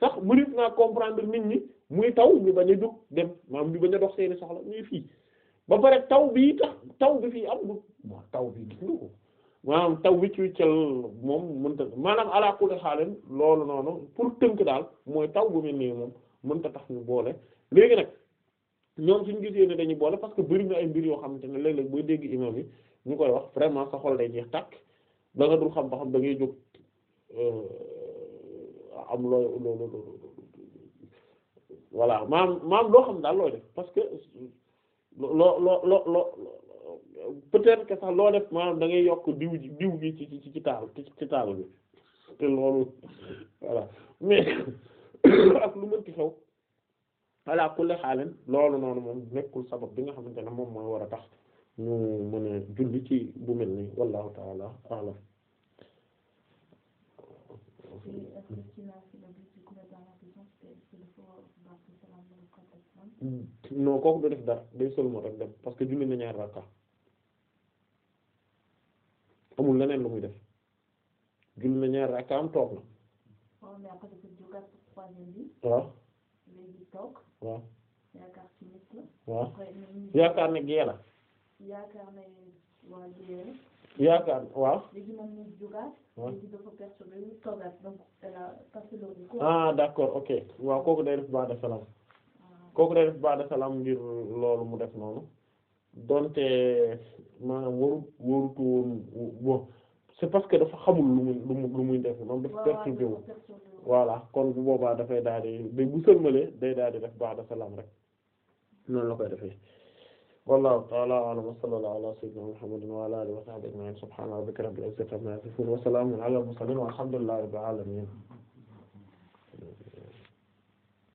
sax mënit naa comprendre nit ñi muy taw ñu bañ a jóg dem maam ñu bañ a dox seeni soxla ñuy fii ba pare taw bii tax taw bi fii am taw bi gis nga ko maanaam taw bi ci wiccal moom mënta maanaam ala kulli loolu noonu pour tënk daal mooy taw bu mel nii moom mënta tax ñu boole léegi nag ñoom suñ gisee ne dañuy boole parce que bëri na ay mbir yoo xamante ne léeg-léeg booy dégg imam yi ñu koy wax vraiment sa xol day jeex tàkk da nga dul xam ba xam da ngay jóg am looy loolu voilà maam maam loo xam daal looy def parce que loo loo loo loo peut-être que sax loo def ma da ngay yokk diw diw gi ci ci ci taal ci taal bi te loolu voilà mais ak lu mënti xew voilà kulli xaaleen loolu noonu moom nekkul sabab bi nga xamante ne moom mooy war a tax ñu mën a ci bu mel nii wallahu taala alam non kooku du def dara day sëlmo rek dem parce que julli na ñaar rakka amul leneen lu muy def julli na ñaar rakka am toog na waaw waaw waaw yaakaar ne gée yaakaar ne waa gée la yaakaar waaw léegi ah, kooku day def ba de salaam kooku day def ba'da salaam ngir loolu mu def noonu donte maanaam waru warutu woon bon c'est parce que dafa xamul lu muy lu muy lu muy def moom dafa perturbé wu voilà kon bu boobaa dafay daal di bu sëlmalee day daal di def ba'da salaam rek noonu la koy defee wallahu ta'ala a'lam wa sallallahu ala sayyidina muhammadin wa ala alihi wa sahbihi ajma'in subhana rabbika rabbil izzati alamin